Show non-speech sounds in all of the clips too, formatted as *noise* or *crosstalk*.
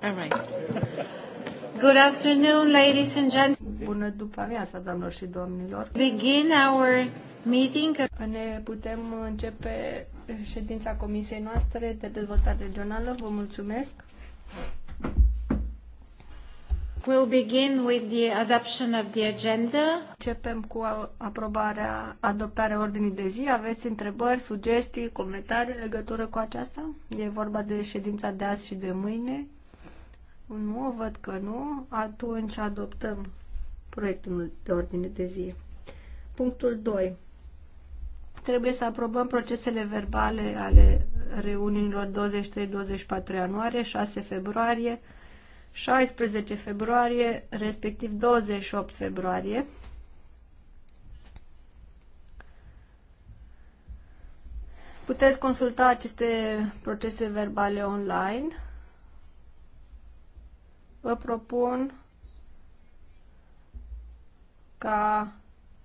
All right. Good afternoon, ladies and gentlemen. Bună după amiaza, doamnelor și domnilor. Begin our meeting. Ne putem începe ședința comisiei noastre de dezvoltare regională. Vă mulțumesc. We'll begin with the adoption of the agenda. Începem cu aprobarea, adoptarea ordinii de zi. Aveți întrebări, sugestii, comentarii în legătură cu aceasta? E vorba de ședința de azi și de mâine. Nu, văd că nu. Atunci adoptăm proiectul de ordine de zi. Punctul 2. Trebuie să aprobăm procesele verbale ale reuniunilor 23-24 ianuarie, 6 februarie, 16 februarie, respectiv 28 februarie. Puteți consulta aceste procese verbale online vă propun ca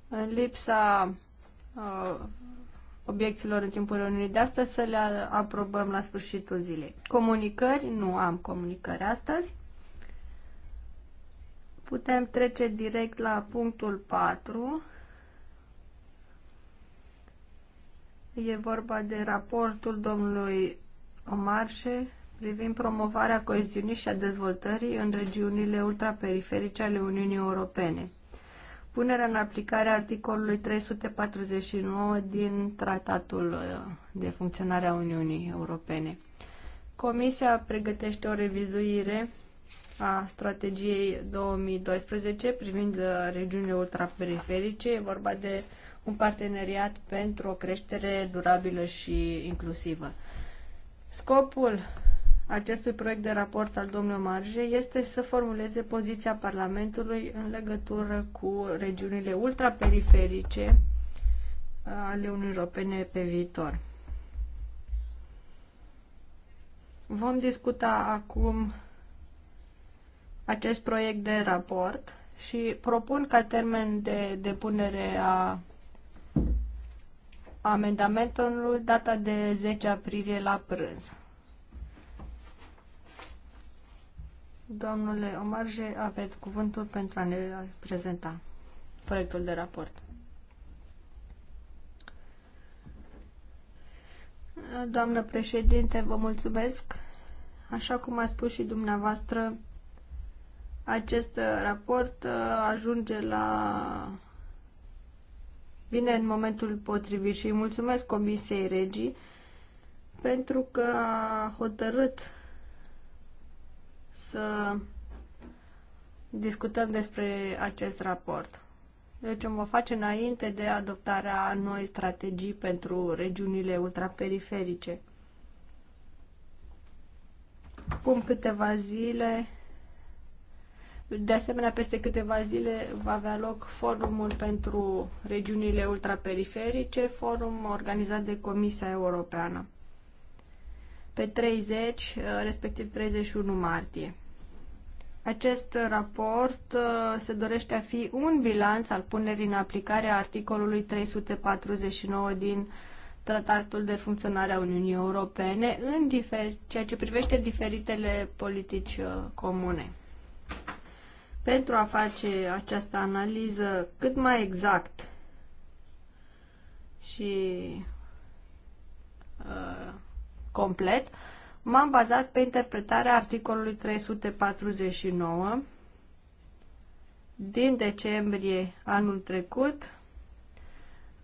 în lipsa uh, obiecțiilor în timpul reuniunii de astăzi să le aprobăm la sfârșitul zilei. Comunicări? Nu am comunicări astăzi. Putem trece direct la punctul 4. E vorba de raportul domnului Omarșe privind promovarea coeziunii și a dezvoltării în regiunile ultraperiferice ale Uniunii Europene. Punerea în aplicare a articolului 349 din Tratatul uh, de funcționare a Uniunii Europene. Comisia pregătește o revizuire a strategiei 2012 privind uh, regiunile ultraperiferice. E vorba de un parteneriat pentru o creștere durabilă și inclusivă. Scopul acestui proiect de raport al domnului Marge este să formuleze poziția Parlamentului în legătură cu regiunile ultraperiferice ale Uniunii Europene pe viitor. Vom discuta acum acest proiect de raport și propun ca termen de depunere a amendamentului data de 10 aprilie la prânz. Domnule Omarje, aveți cuvântul pentru a ne prezenta proiectul de raport. Doamnă președinte, vă mulțumesc. Așa cum a spus și dumneavoastră, acest raport uh, ajunge la vine în momentul potrivit și îi mulțumesc Comisiei Regii pentru că a hotărât să discutăm despre acest raport. Deci o vom face înainte de adoptarea noi strategii pentru regiunile ultraperiferice. Cum câteva zile, de asemenea peste câteva zile va avea loc forumul pentru regiunile ultraperiferice, forum organizat de Comisia Europeană pe 30, uh, respectiv 31 martie. Acest raport uh, se dorește a fi un bilanț al punerii în aplicare a articolului 349 din Tratatul de Funcționare a Uniunii Europene în ceea ce privește diferitele politici uh, comune. Pentru a face această analiză cât mai exact și uh, complet, m-am bazat pe interpretarea articolului 349 din decembrie anul trecut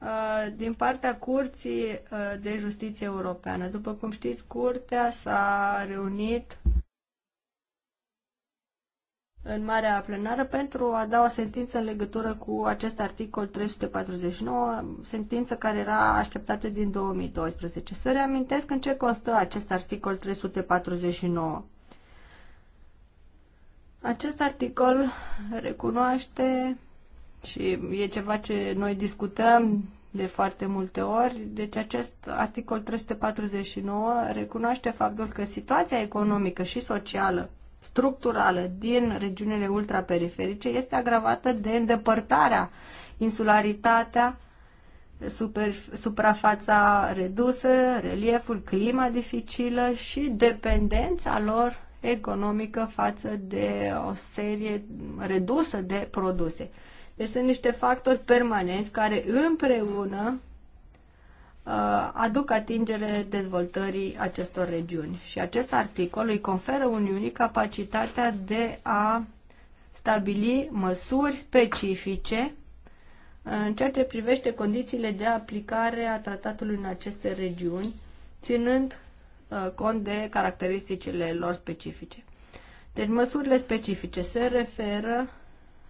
uh, din partea Curții uh, de Justiție Europeană. După cum știți, Curtea s-a reunit în Marea Plenară pentru a da o sentință în legătură cu acest articol 349, sentință care era așteptată din 2012. Să reamintesc în ce constă acest articol 349. Acest articol recunoaște și e ceva ce noi discutăm de foarte multe ori. Deci acest articol 349 recunoaște faptul că situația economică și socială structurală din regiunile ultraperiferice este agravată de îndepărtarea, insularitatea, super, suprafața redusă, relieful, clima dificilă și dependența lor economică față de o serie redusă de produse. Deci sunt niște factori permanenți care împreună Uh, aduc atingere dezvoltării acestor regiuni. Și acest articol îi conferă Uniunii capacitatea de a stabili măsuri specifice în ceea ce privește condițiile de aplicare a tratatului în aceste regiuni, ținând uh, cont de caracteristicile lor specifice. Deci măsurile specifice se referă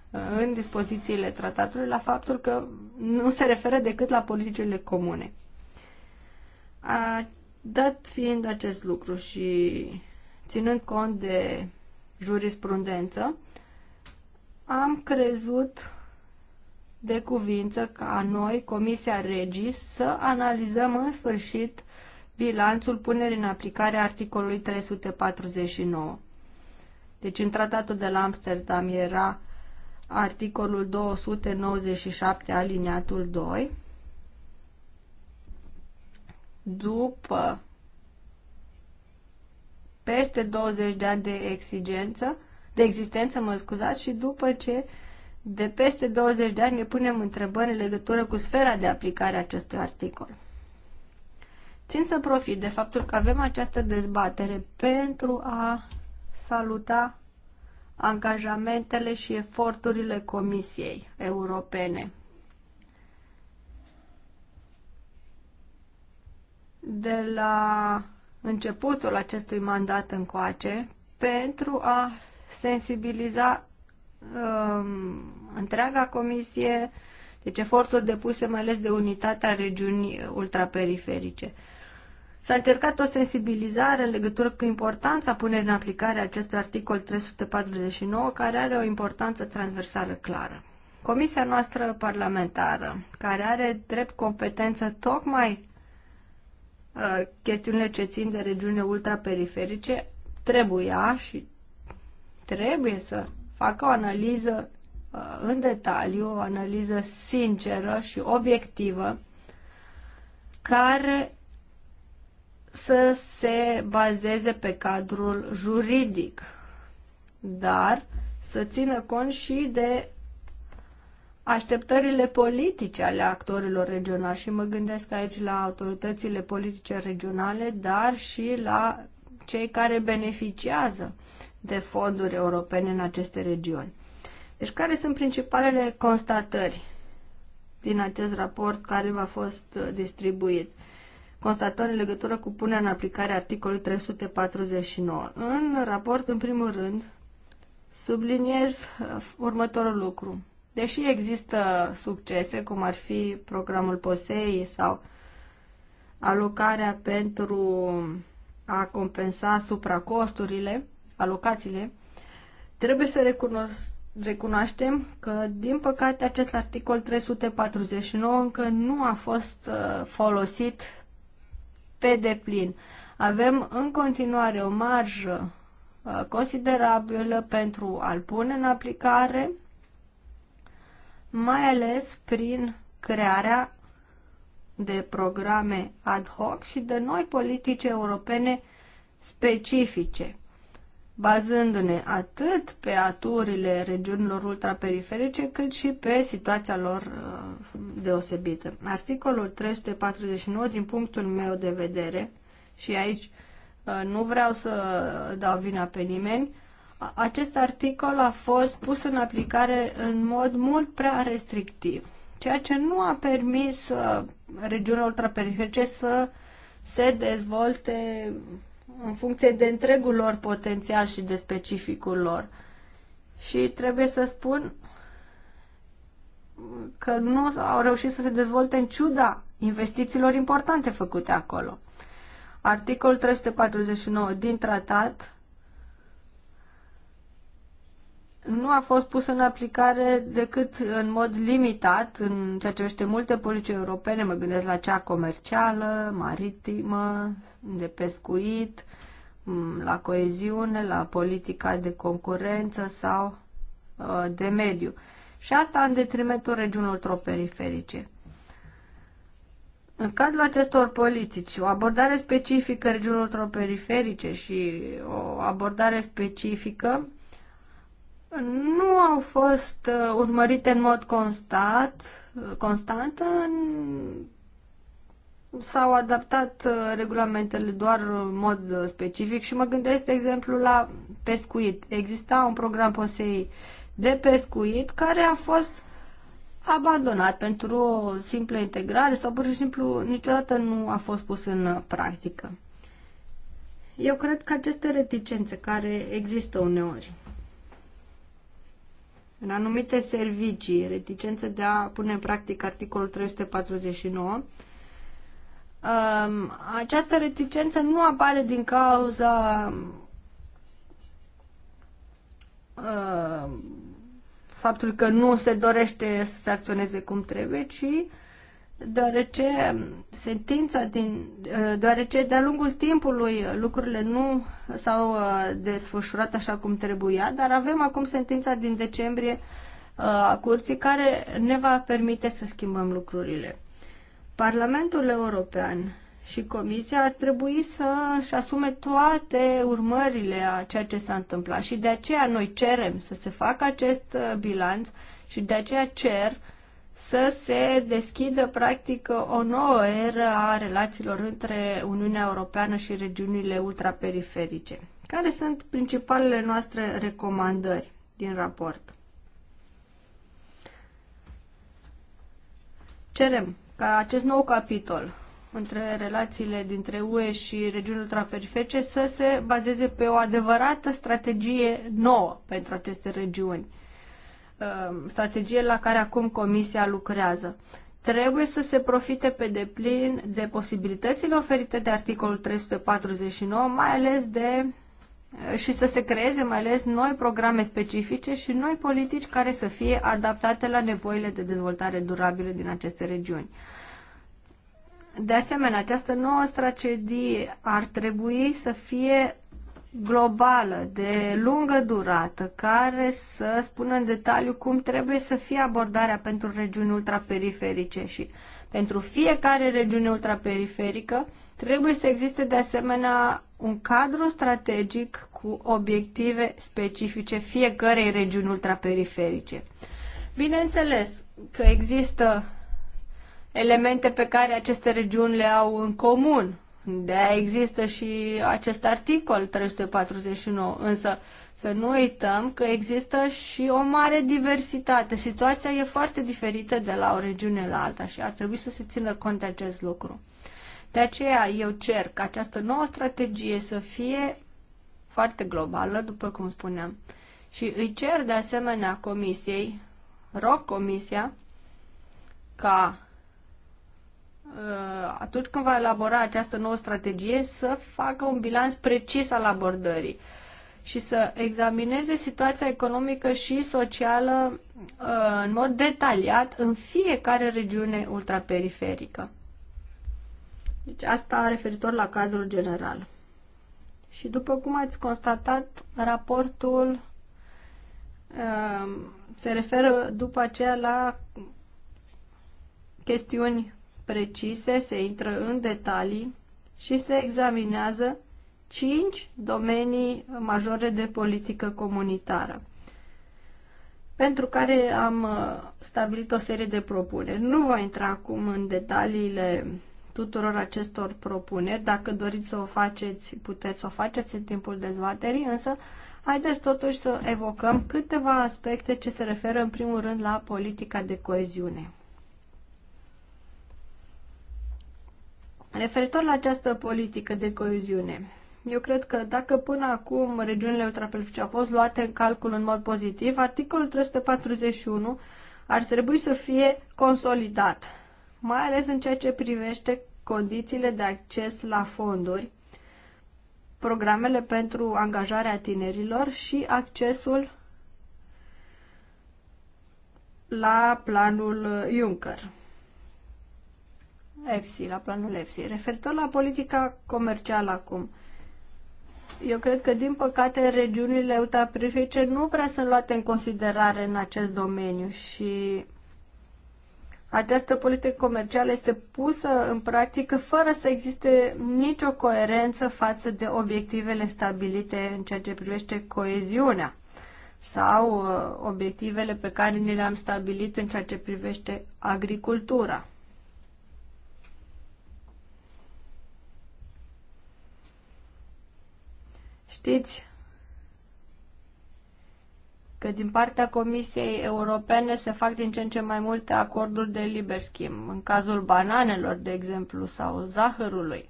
uh, în dispozițiile tratatului la faptul că nu se referă decât la politicile comune. Dat fiind acest lucru și ținând cont de jurisprudență, am crezut de cuvință ca noi, Comisia Regii, să analizăm în sfârșit bilanțul punerii în aplicare a articolului 349. Deci în tratatul de la Amsterdam era articolul 297 aliniatul 2 după peste 20 de ani de exigență, de existență, mă scuzați, și după ce de peste 20 de ani ne punem întrebări în legătură cu sfera de aplicare a acestui articol. Țin să profit de faptul că avem această dezbatere pentru a saluta angajamentele și eforturile Comisiei Europene de la începutul acestui mandat încoace pentru a sensibiliza um, întreaga comisie, deci eforturi depuse mai ales de unitatea regiunii ultraperiferice. S-a încercat o sensibilizare în legătură cu importanța punerii în aplicare acestui articol 349, care are o importanță transversală clară. Comisia noastră parlamentară, care are drept competență tocmai Uh, chestiunile ce țin de regiune ultraperiferice, trebuia și trebuie să facă o analiză uh, în detaliu, o analiză sinceră și obiectivă care să se bazeze pe cadrul juridic, dar să țină cont și de așteptările politice ale actorilor regionali și mă gândesc aici la autoritățile politice regionale, dar și la cei care beneficiază de fonduri europene în aceste regiuni. Deci care sunt principalele constatări din acest raport care v-a fost uh, distribuit? Constatări în legătură cu punerea în aplicare articolului 349. În raport, în primul rând, subliniez uh, următorul lucru. Deși există succese, cum ar fi programul POSEI sau alocarea pentru a compensa supracosturile, alocațiile, trebuie să recunosc, recunoaștem că, din păcate, acest articol 349 încă nu a fost uh, folosit pe deplin. Avem în continuare o marjă uh, considerabilă pentru a-l pune în aplicare mai ales prin crearea de programe ad hoc și de noi politici europene specifice, bazându-ne atât pe aturile regiunilor ultraperiferice, cât și pe situația lor uh, deosebită. Articolul 349, din punctul meu de vedere, și aici uh, nu vreau să dau vina pe nimeni, acest articol a fost pus în aplicare în mod mult prea restrictiv, ceea ce nu a permis uh, regiunilor ultraperiferice să se dezvolte în funcție de întregul lor potențial și de specificul lor. Și trebuie să spun că nu au reușit să se dezvolte în ciuda investițiilor importante făcute acolo. Articolul 349 din tratat nu a fost pusă în aplicare decât în mod limitat în ceea ce vește multe politici europene, mă gândesc la cea comercială, maritimă, de pescuit, mm, la coeziune, la politica de concurență sau uh, de mediu. Și asta în detrimentul regiunilor troperiferice. În cadrul acestor politici, o abordare specifică regiunilor periferice și o abordare specifică nu au fost uh, urmărite în mod constat, uh, constant. S-au adaptat uh, regulamentele doar în mod specific și mă gândesc, de exemplu, la pescuit. Exista un program POSEI de pescuit care a fost abandonat pentru o simplă integrare sau pur și simplu niciodată nu a fost pus în practică. Eu cred că aceste reticențe care există uneori în anumite servicii, reticență de a pune în practic articolul 349, um, această reticență nu apare din cauza um, faptul că nu se dorește să se acționeze cum trebuie, ci deoarece sentința din, uh, deoarece de-a lungul timpului lucrurile nu s-au uh, desfășurat așa cum trebuia, dar avem acum sentința din decembrie uh, a curții care ne va permite să schimbăm lucrurile. Parlamentul European și Comisia ar trebui să-și asume toate urmările a ceea ce s-a întâmplat și de aceea noi cerem să se facă acest bilanț și de aceea cer uh, să se deschidă practic o nouă eră a relațiilor între Uniunea Europeană și regiunile ultraperiferice. Care sunt principalele noastre recomandări din raport? Cerem ca acest nou capitol între relațiile dintre UE și regiunile ultraperiferice să se bazeze pe o adevărată strategie nouă pentru aceste regiuni Uh, strategie la care acum Comisia lucrează. Trebuie să se profite pe deplin de posibilitățile oferite de articolul 349, mai ales de uh, și să se creeze mai ales noi programe specifice și noi politici care să fie adaptate la nevoile de dezvoltare durabilă din aceste regiuni. De asemenea, această nouă strategie ar trebui să fie globală, de lungă durată, care să spună în detaliu cum trebuie să fie abordarea pentru regiuni ultraperiferice și pentru fiecare regiune ultraperiferică trebuie să existe de asemenea un cadru strategic cu obiective specifice fiecarei regiuni ultraperiferice. Bineînțeles că există elemente pe care aceste regiuni le au în comun, de aia există și acest articol 349, însă să nu uităm că există și o mare diversitate. Situația e foarte diferită de la o regiune la alta și ar trebui să se țină cont de acest lucru. De aceea eu cer ca această nouă strategie să fie foarte globală, după cum spuneam. Și îi cer de asemenea comisiei, rog comisia, ca atunci când va elabora această nouă strategie, să facă un bilanț precis al abordării și să examineze situația economică și socială uh, în mod detaliat în fiecare regiune ultraperiferică. Deci asta referitor la cadrul general. Și după cum ați constatat, raportul uh, se referă după aceea la chestiuni precise, se intră în detalii și se examinează cinci domenii majore de politică comunitară pentru care am uh, stabilit o serie de propuneri. Nu voi intra acum în detaliile tuturor acestor propuneri. Dacă doriți să o faceți, puteți să o faceți în timpul dezbaterii, însă haideți totuși să evocăm câteva aspecte ce se referă în primul rând la politica de coeziune. Referitor la această politică de coeziune, eu cred că dacă până acum regiunile ultraperiferice au fost luate în calcul în mod pozitiv, articolul 341 ar trebui să fie consolidat, mai ales în ceea ce privește condițiile de acces la fonduri, programele pentru angajarea tinerilor și accesul la planul Juncker. EFSI, la planul EFSI. Referitor la politica comercială acum, eu cred că, din păcate, regiunile eutaperiferice nu prea sunt luate în considerare în acest domeniu și această politică comercială este pusă în practică fără să existe nicio coerență față de obiectivele stabilite în ceea ce privește coeziunea sau uh, obiectivele pe care ni le-am stabilit în ceea ce privește agricultura. Știți că din partea Comisiei Europene se fac din ce în ce mai multe acorduri de liber schimb, în cazul bananelor, de exemplu, sau zahărului.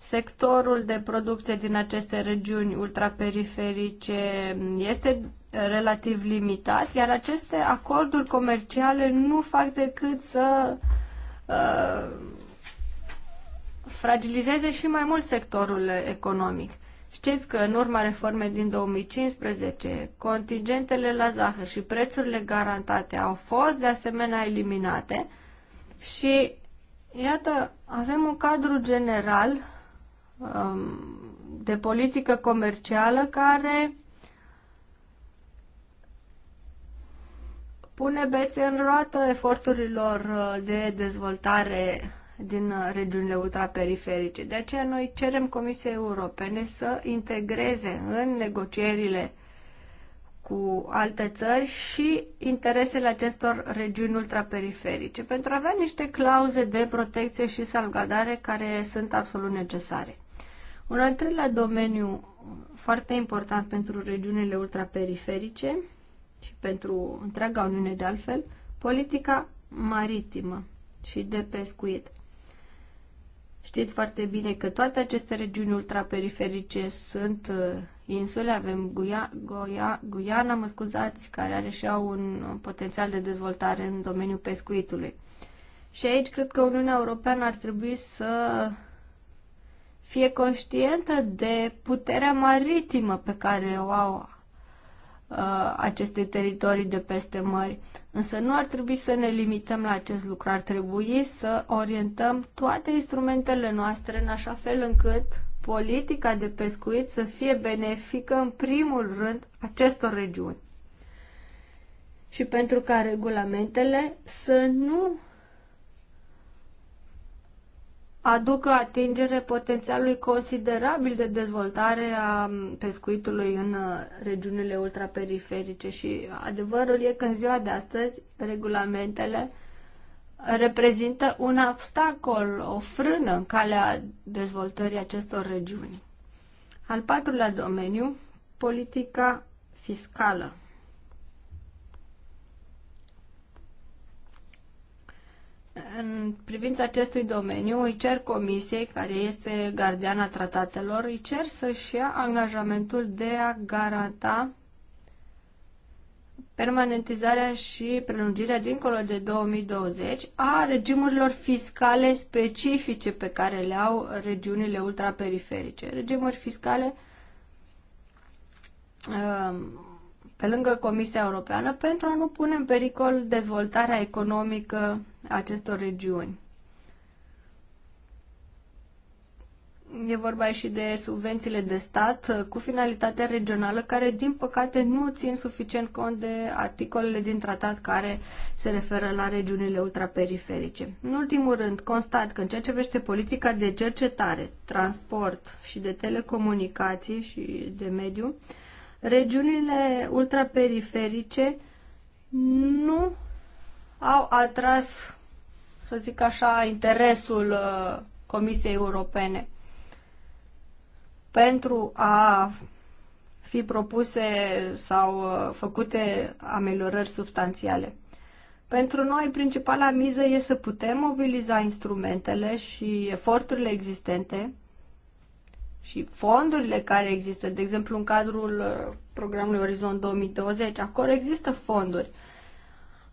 Sectorul de producție din aceste regiuni ultraperiferice este relativ limitat, iar aceste acorduri comerciale nu fac decât să uh, fragilizeze și mai mult sectorul economic. Știți că în urma reformei din 2015, contingentele la zahăr și prețurile garantate au fost de asemenea eliminate și iată, avem un cadru general um, de politică comercială care pune bețe în roată eforturilor uh, de dezvoltare din uh, regiunile ultraperiferice. De aceea noi cerem Comisiei Europene să integreze în negocierile cu alte țări și interesele acestor regiuni ultraperiferice, pentru a avea niște clauze de protecție și salvgardare care sunt absolut necesare. Un al treilea domeniu foarte important pentru regiunile ultraperiferice și pentru întreaga Uniune de altfel, politica maritimă și de pescuit. Știți foarte bine că toate aceste regiuni ultraperiferice sunt uh, insule. Avem Guia, Goia, Guiana, mă scuzați, care are și au un potențial de dezvoltare în domeniul pescuitului. Și aici cred că Uniunea Europeană ar trebui să fie conștientă de puterea maritimă pe care o au Uh, aceste teritorii de peste mări. Însă nu ar trebui să ne limităm la acest lucru, ar trebui să orientăm toate instrumentele noastre în așa fel încât politica de pescuit să fie benefică în primul rând acestor regiuni. Și pentru ca regulamentele să nu aducă atingere potențialului considerabil de dezvoltare a pescuitului în uh, regiunile ultraperiferice și adevărul e că în ziua de astăzi regulamentele reprezintă un obstacol, o frână în calea dezvoltării acestor regiuni. Al patrulea domeniu, politica fiscală. În privința acestui domeniu, îi cer comisiei, care este gardiana tratatelor, îi cer să-și ia angajamentul de a garanta permanentizarea și prelungirea dincolo de 2020 a regimurilor fiscale specifice pe care le au regiunile ultraperiferice. Regimuri fiscale um, pe lângă Comisia Europeană pentru a nu pune în pericol dezvoltarea economică a acestor regiuni. E vorba și de subvențiile de stat uh, cu finalitate regională, care, din păcate, nu țin suficient cont de articolele din tratat care se referă la regiunile ultraperiferice. În ultimul rând, constat că în ceea ce privește politica de cercetare, transport și de telecomunicații și de mediu, uh, regiunile ultraperiferice nu au atras, să zic așa, interesul uh, Comisiei Europene pentru a fi propuse sau uh, făcute ameliorări substanțiale. Pentru noi, principala miză este să putem mobiliza instrumentele și eforturile existente și fondurile care există, de exemplu în cadrul uh, programului Orizont 2020, acolo există fonduri.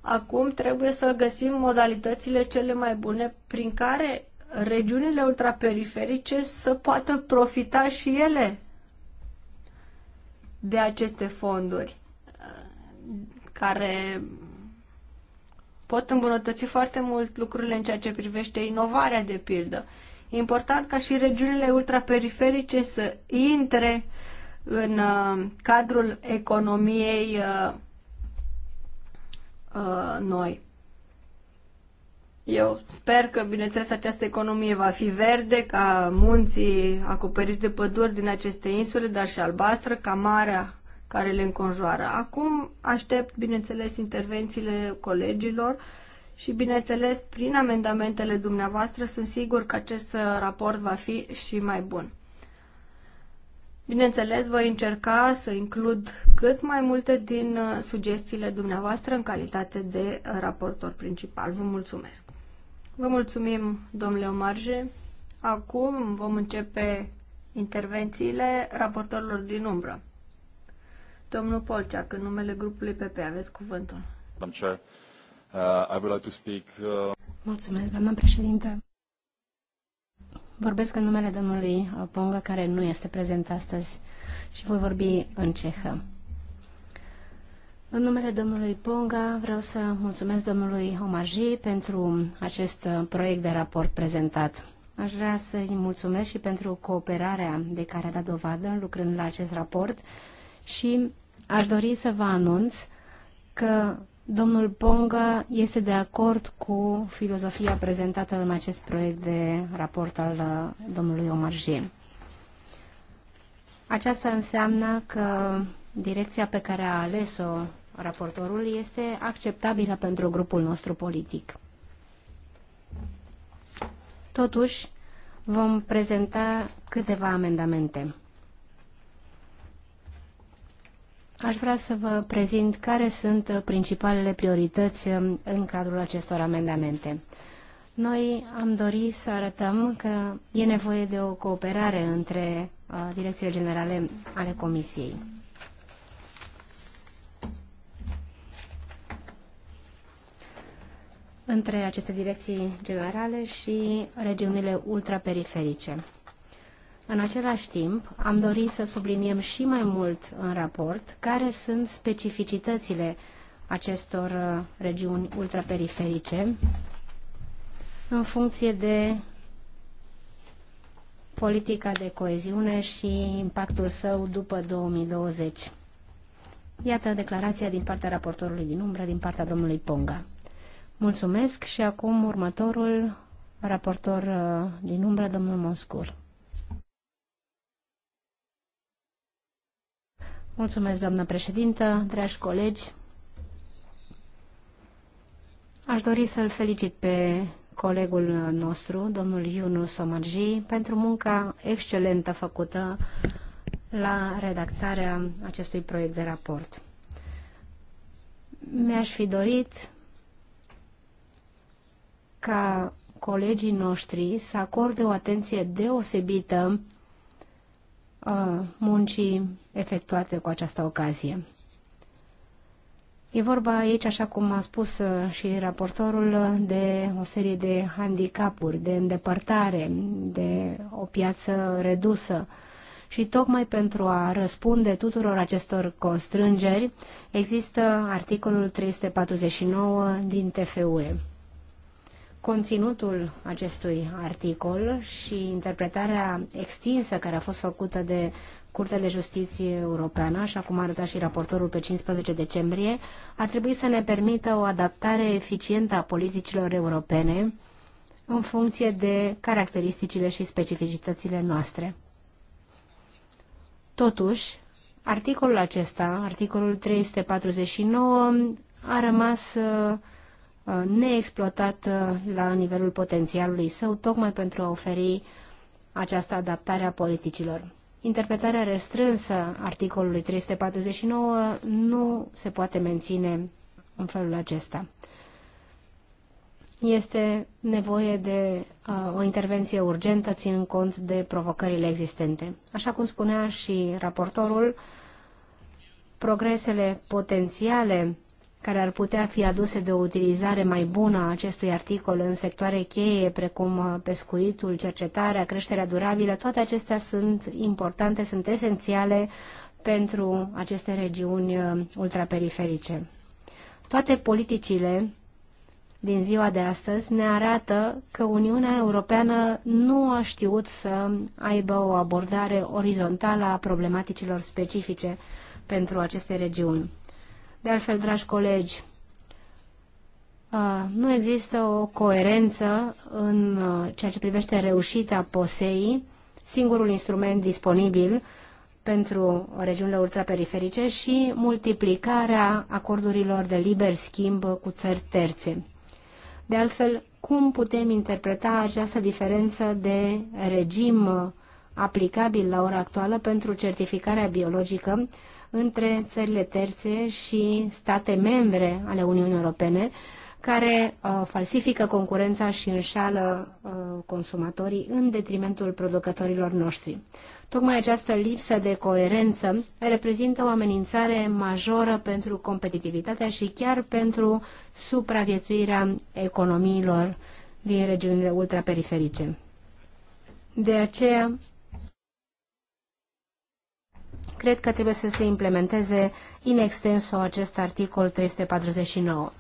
Acum trebuie să găsim modalitățile cele mai bune prin care regiunile ultraperiferice să poată profita și ele de aceste fonduri uh, care pot îmbunătăți foarte mult lucrurile în ceea ce privește inovarea, de pildă important ca și regiunile ultraperiferice să intre în uh, cadrul economiei uh, uh, noi. Eu sper că, bineînțeles, această economie va fi verde, ca munții acoperiți de păduri din aceste insule, dar și albastră, ca marea care le înconjoară. Acum aștept, bineînțeles, intervențiile colegilor și, bineînțeles, prin amendamentele dumneavoastră sunt sigur că acest uh, raport va fi și mai bun. Bineînțeles, voi încerca să includ cât mai multe din uh, sugestiile dumneavoastră în calitate de uh, raportor principal. Vă mulțumesc! Vă mulțumim, domnule Omarje. Acum vom începe intervențiile raportorilor din umbră. Domnul Polceac, în numele grupului PP, aveți cuvântul. Domnul Uh, I would like to speak... Uh, mulțumesc, doamnă președinte. Vorbesc în numele domnului uh, Ponga, care nu este prezent astăzi și voi vorbi în cehă. În numele domnului Ponga vreau să mulțumesc domnului Omaji pentru acest proiect de raport prezentat. Aș vrea să-i mulțumesc și pentru cooperarea de care a dat dovadă lucrând la acest raport și aș dori să vă anunț că Domnul Ponga este de acord cu filozofia prezentată în acest proiect de raport al uh, domnului Omarjee. Aceasta înseamnă că direcția pe care a ales-o raportorul este acceptabilă pentru grupul nostru politic. Totuși, vom prezenta câteva amendamente. Aș vrea să vă prezint care sunt principalele priorități um, în cadrul acestor amendamente. Noi am dorit să arătăm că e nevoie de o cooperare între uh, direcțiile generale ale Comisiei. între aceste direcții generale și regiunile ultraperiferice. În același timp, am dorit să subliniem și mai mult în raport care sunt specificitățile acestor uh, regiuni ultraperiferice în funcție de politica de coeziune și impactul său după 2020. Iată declarația din partea raportorului din umbră, din partea domnului Ponga. Mulțumesc și acum următorul raportor uh, din umbră, domnul Moscur. Mulțumesc, doamnă președintă, dragi colegi. Aș dori să-l felicit pe colegul nostru, domnul Iunus Omarji, pentru munca excelentă făcută la redactarea acestui proiect de raport. Mi-aș fi dorit ca colegii noștri să acorde o atenție deosebită muncii efectuate cu această ocazie. E vorba aici, așa cum a spus uh, și raportorul, uh, de o serie de handicapuri, de îndepărtare, de o piață redusă. Și tocmai pentru a răspunde tuturor acestor constrângeri, există articolul 349 din TFUE conținutul acestui articol și interpretarea extinsă care a fost făcută de Curtea de Justiție Europeană, așa cum arăta și raportorul pe 15 decembrie, a trebuit să ne permită o adaptare eficientă a politicilor europene în funcție de caracteristicile și specificitățile noastre. Totuși, articolul acesta, articolul 349, a rămas uh, Uh, neexploatat uh, la nivelul potențialului său, tocmai pentru a oferi această adaptare a politicilor. Interpretarea restrânsă articolului 349 nu se poate menține în felul acesta. Este nevoie de uh, o intervenție urgentă, ținând cont de provocările existente. Așa cum spunea și raportorul, progresele potențiale care ar putea fi aduse de o utilizare mai bună a acestui articol în sectoare cheie, precum uh, pescuitul, cercetarea, creșterea durabilă, toate acestea sunt importante, sunt esențiale pentru aceste regiuni uh, ultraperiferice. Toate politicile din ziua de astăzi ne arată că Uniunea Europeană nu a știut să aibă o abordare orizontală a problematicilor specifice pentru aceste regiuni. De altfel, dragi colegi, nu există o coerență în ceea ce privește reușita POSEI, singurul instrument disponibil pentru regiunile ultraperiferice și multiplicarea acordurilor de liber schimb cu țări terțe. De altfel, cum putem interpreta această diferență de regim aplicabil la ora actuală pentru certificarea biologică între țările terțe și state membre ale Uniunii Europene care uh, falsifică concurența și înșală uh, consumatorii în detrimentul producătorilor noștri. Tocmai această lipsă de coerență reprezintă o amenințare majoră pentru competitivitatea și chiar pentru supraviețuirea economiilor din regiunile ultraperiferice. De aceea cred că trebuie să se implementeze in extenso acest articol 349.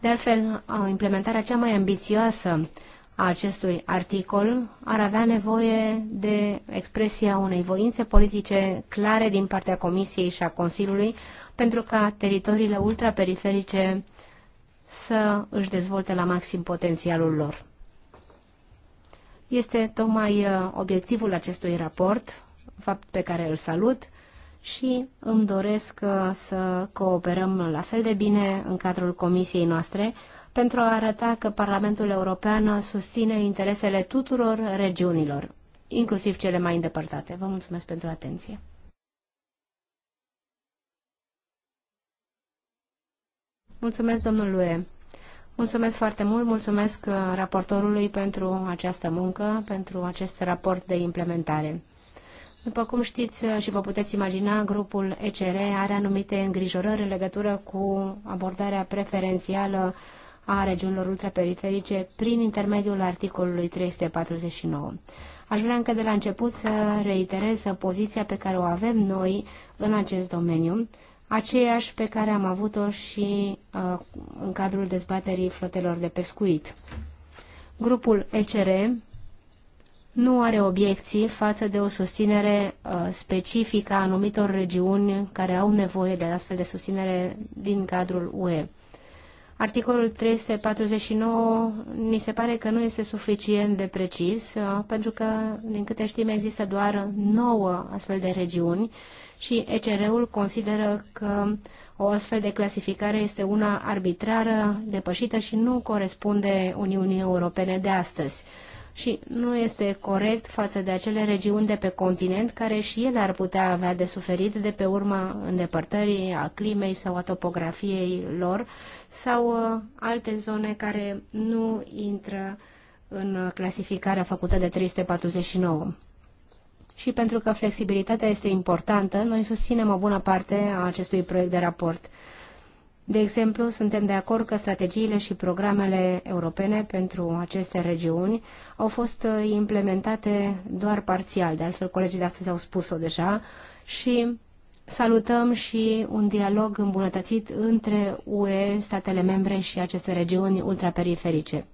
De altfel, implementarea cea mai ambițioasă a acestui articol ar avea nevoie de expresia unei voințe politice clare din partea Comisiei și a Consiliului pentru ca teritoriile ultraperiferice să își dezvolte la maxim potențialul lor. Este tocmai obiectivul acestui raport fapt pe care îl salut și îmi doresc uh, să cooperăm la fel de bine în cadrul comisiei noastre pentru a arăta că Parlamentul European susține interesele tuturor regiunilor, inclusiv cele mai îndepărtate. Vă mulțumesc pentru atenție. Mulțumesc, domnul Lue. Mulțumesc foarte mult, mulțumesc uh, raportorului pentru această muncă, pentru acest raport de implementare. După cum știți și vă puteți imagina, grupul ECR are anumite îngrijorări în legătură cu abordarea preferențială a regiunilor ultraperiferice prin intermediul articolului 349. Aș vrea încă de la început să reiterez poziția pe care o avem noi în acest domeniu, aceeași pe care am avut-o și uh, în cadrul dezbaterii flotelor de pescuit. Grupul ECR nu are obiecții față de o susținere uh, specifică a anumitor regiuni care au nevoie de astfel de susținere din cadrul UE. Articolul 349 ni se pare că nu este suficient de precis, uh, pentru că, din câte știm, există doar nouă astfel de regiuni și ECR-ul consideră că o astfel de clasificare este una arbitrară, depășită și nu corespunde Uniunii Europene de astăzi și nu este corect față de acele regiuni de pe continent care și ele ar putea avea de suferit de pe urma îndepărtării a climei sau a topografiei lor sau uh, alte zone care nu intră în clasificarea făcută de 349. Și pentru că flexibilitatea este importantă, noi susținem o bună parte a acestui proiect de raport. De exemplu, suntem de acord că strategiile și programele europene pentru aceste regiuni au fost uh, implementate doar parțial, de altfel colegii de astăzi au spus-o deja, și salutăm și un dialog îmbunătățit între UE, statele membre și aceste regiuni ultraperiferice.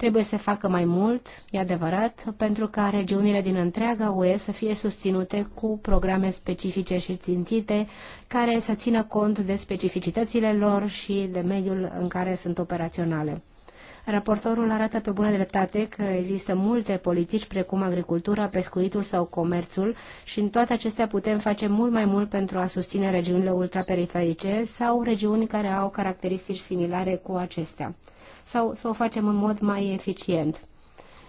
Trebuie să facă mai mult, e adevărat, pentru ca regiunile din întreaga UE să fie susținute cu programe specifice și țințite care să țină cont de specificitățile lor și de mediul în care sunt operaționale. Raportorul arată pe bună dreptate că există multe politici precum agricultura, pescuitul sau comerțul și în toate acestea putem face mult mai mult pentru a susține regiunile ultraperiferice sau regiuni care au caracteristici similare cu acestea sau să o facem în mod mai eficient.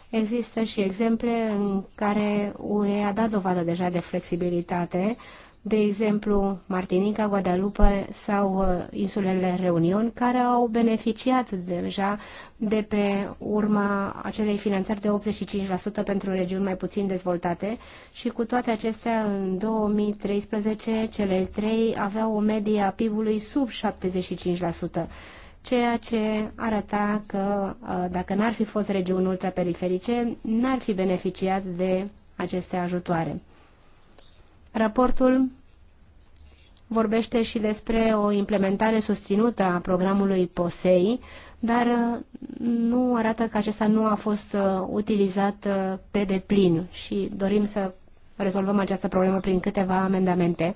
Există și exemple în care UE a dat dovadă deja de flexibilitate, de exemplu Martinica, Guadalupe sau uh, insulele Reunion, care au beneficiat deja de pe urma acelei finanțări de 85% pentru regiuni mai puțin dezvoltate și cu toate acestea în 2013 cele trei aveau o medie a PIB-ului sub 75% ceea ce arăta că uh, dacă n-ar fi fost regiuni ultraperiferice, n-ar fi beneficiat de aceste ajutoare. Raportul vorbește și despre o implementare susținută a programului POSEI, dar uh, nu arată că acesta nu a fost uh, utilizat pe deplin și dorim să rezolvăm această problemă prin câteva amendamente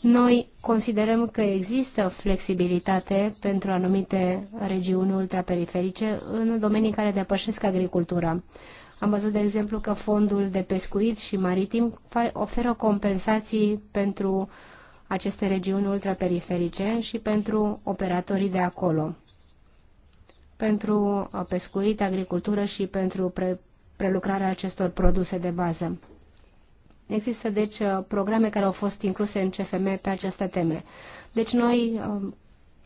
noi considerăm că există flexibilitate pentru anumite regiuni ultraperiferice în domenii care depășesc agricultura. Am văzut, de exemplu, că fondul de pescuit și maritim oferă compensații pentru aceste regiuni ultraperiferice și pentru operatorii de acolo, pentru uh, pescuit, agricultură și pentru pre prelucrarea acestor produse de bază. Există, deci, uh, programe care au fost incluse în CFM pe aceste teme. Deci, noi um,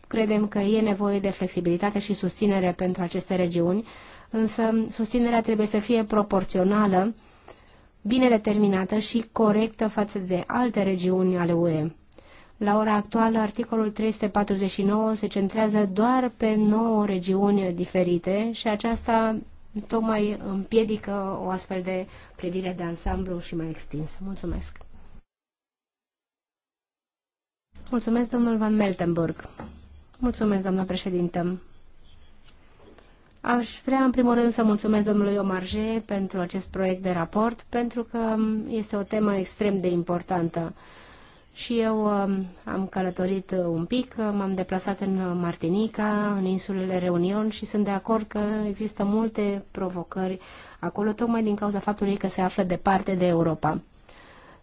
credem că e nevoie de flexibilitate și susținere pentru aceste regiuni, însă susținerea trebuie să fie proporțională, bine determinată și corectă față de alte regiuni ale UE. La ora actuală, articolul 349 se centrează doar pe 9 regiuni diferite și aceasta tocmai împiedică o astfel de privire de ansamblu și mai extinsă. Mulțumesc! Mulțumesc, domnul Van Meltenburg. Mulțumesc, doamnă președintă. Aș vrea, în primul rând, să mulțumesc domnului Omarje pentru acest proiect de raport, pentru că este o temă extrem de importantă și eu um, am călătorit uh, un pic, uh, m-am deplasat în uh, Martinica, în insulele Reunion și sunt de acord că există multe provocări acolo, tocmai din cauza faptului că se află departe de Europa.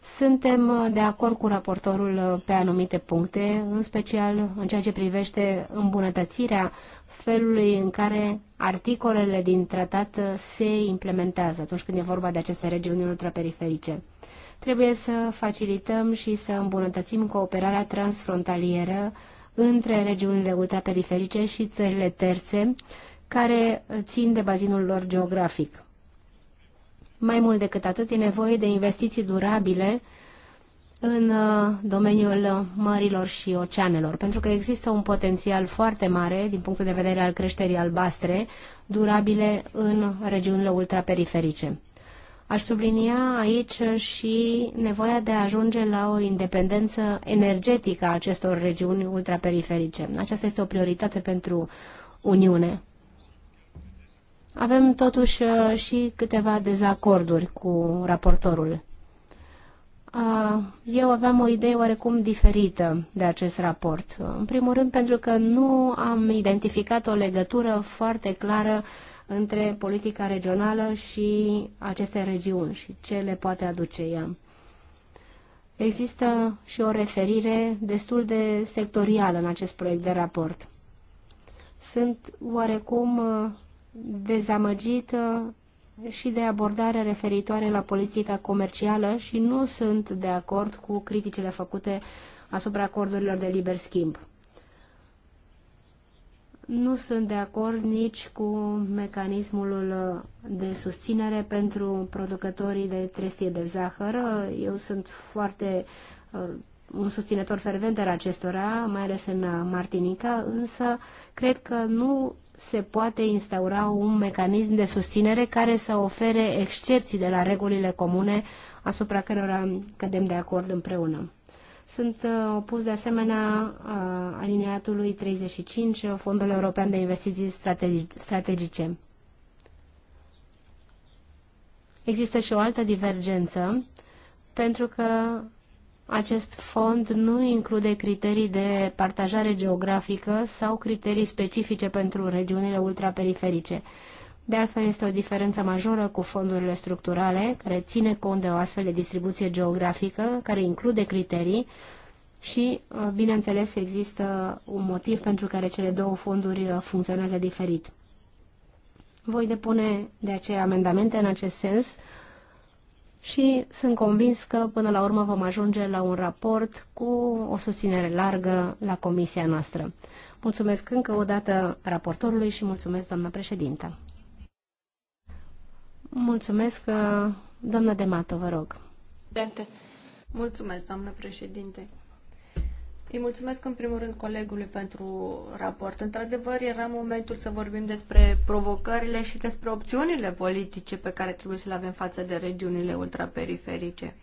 Suntem de acord cu raportorul pe anumite puncte, în special în ceea ce privește îmbunătățirea felului în care articolele din tratat se implementează atunci când e vorba de aceste regiuni ultraperiferice. Trebuie să facilităm și să îmbunătățim cooperarea transfrontalieră între regiunile ultraperiferice și țările terțe care țin de bazinul lor geografic. Mai mult decât atât, e nevoie de investiții durabile în uh, domeniul mărilor și oceanelor, pentru că există un potențial foarte mare din punctul de vedere al creșterii albastre, durabile în regiunile ultraperiferice. Aș sublinia aici și nevoia de a ajunge la o independență energetică a acestor regiuni ultraperiferice. Aceasta este o prioritate pentru Uniune. Avem totuși uh, și câteva dezacorduri cu raportorul. Uh, eu aveam o idee oarecum diferită de acest raport. În primul rând pentru că nu am identificat o legătură foarte clară uh, între politica regională și aceste regiuni și ce le poate aduce ea. Există și o referire destul de sectorială în acest proiect de raport. Sunt oarecum uh, dezamăgită și de abordare referitoare la politica comercială și nu sunt de acord cu criticile făcute asupra acordurilor de liber schimb. Nu sunt de acord nici cu mecanismul de susținere pentru producătorii de trestie de zahăr. Eu sunt foarte uh, un susținător fervent al acestora, mai ales în Martinica, însă cred că nu se poate instaura un mecanism de susținere care să ofere excepții de la regulile comune asupra cărora cădem de acord împreună. Sunt uh, opus de asemenea uh, aliniatului 35, uh, Fondul European de Investiții Strategice. Există și o altă divergență, pentru că acest fond nu include criterii de partajare geografică sau criterii specifice pentru regiunile ultraperiferice. De altfel, este o diferență majoră cu fondurile structurale, care ține cont de o astfel de distribuție geografică, care include criterii și, uh, bineînțeles, există un motiv pentru care cele două fonduri uh, funcționează diferit. Voi depune de aceea amendamente în acest sens și sunt convins că până la urmă vom ajunge la un raport cu o susținere largă la comisia noastră. Mulțumesc încă o dată raportorului și mulțumesc, doamna președintă. Mulțumesc, uh, doamna Demato, vă rog. Mulțumesc, doamnă președinte. Îi mulțumesc în primul rând colegului pentru raport. Într-adevăr, era momentul să vorbim despre provocările și despre opțiunile politice pe care trebuie să le avem față de regiunile ultraperiferice.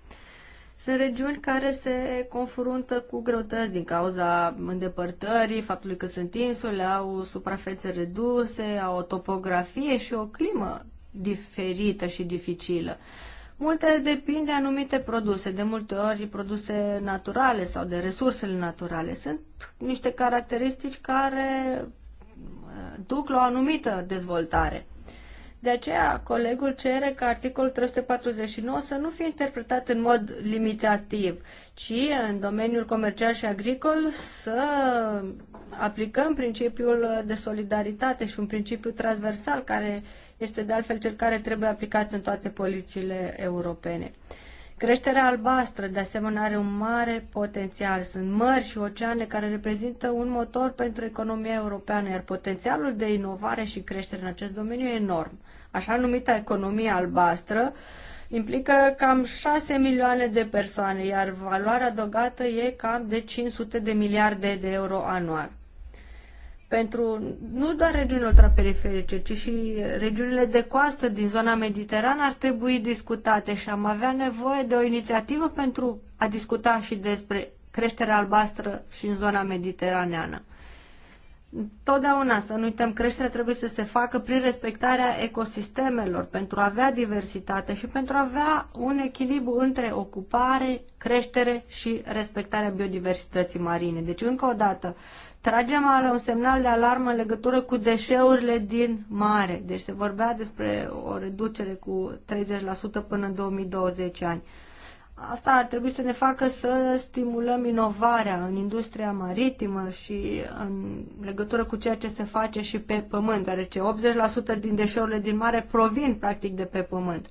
Sunt regiuni care se confruntă cu greutăți din cauza îndepărtării, faptului că sunt insule, au suprafețe reduse, au o topografie și o climă diferită și dificilă. Multe depind de anumite produse, de multe ori produse naturale sau de resursele naturale. Sunt niște caracteristici care uh, duc la o anumită dezvoltare. De aceea, colegul cere ca articolul 349 să nu fie interpretat în mod limitativ, ci în domeniul comercial și agricol să aplicăm principiul de solidaritate și un principiu transversal care este de altfel cel care trebuie aplicat în toate politicile europene. Creșterea albastră, de asemenea, are un mare potențial. Sunt mări și oceane care reprezintă un motor pentru economia europeană, iar potențialul de inovare și creștere în acest domeniu e enorm. Așa numita economie albastră implică cam 6 milioane de persoane, iar valoarea adăugată e cam de 500 de miliarde de euro anual pentru nu doar regiunile ultraperiferice, ci și regiunile de coastă din zona mediterană ar trebui discutate și am avea nevoie de o inițiativă pentru a discuta și despre creșterea albastră și în zona mediteraneană. Totdeauna, să nu uităm, creșterea trebuie să se facă prin respectarea ecosistemelor, pentru a avea diversitate și pentru a avea un echilibru între ocupare, creștere și respectarea biodiversității marine. Deci, încă o dată, Tragem ale un semnal de alarmă în legătură cu deșeurile din mare. Deci se vorbea despre o reducere cu 30% până în 2020 ani. Asta ar trebui să ne facă să stimulăm inovarea în industria maritimă și în legătură cu ceea ce se face și pe pământ, deoarece 80% din deșeurile din mare provin practic de pe pământ.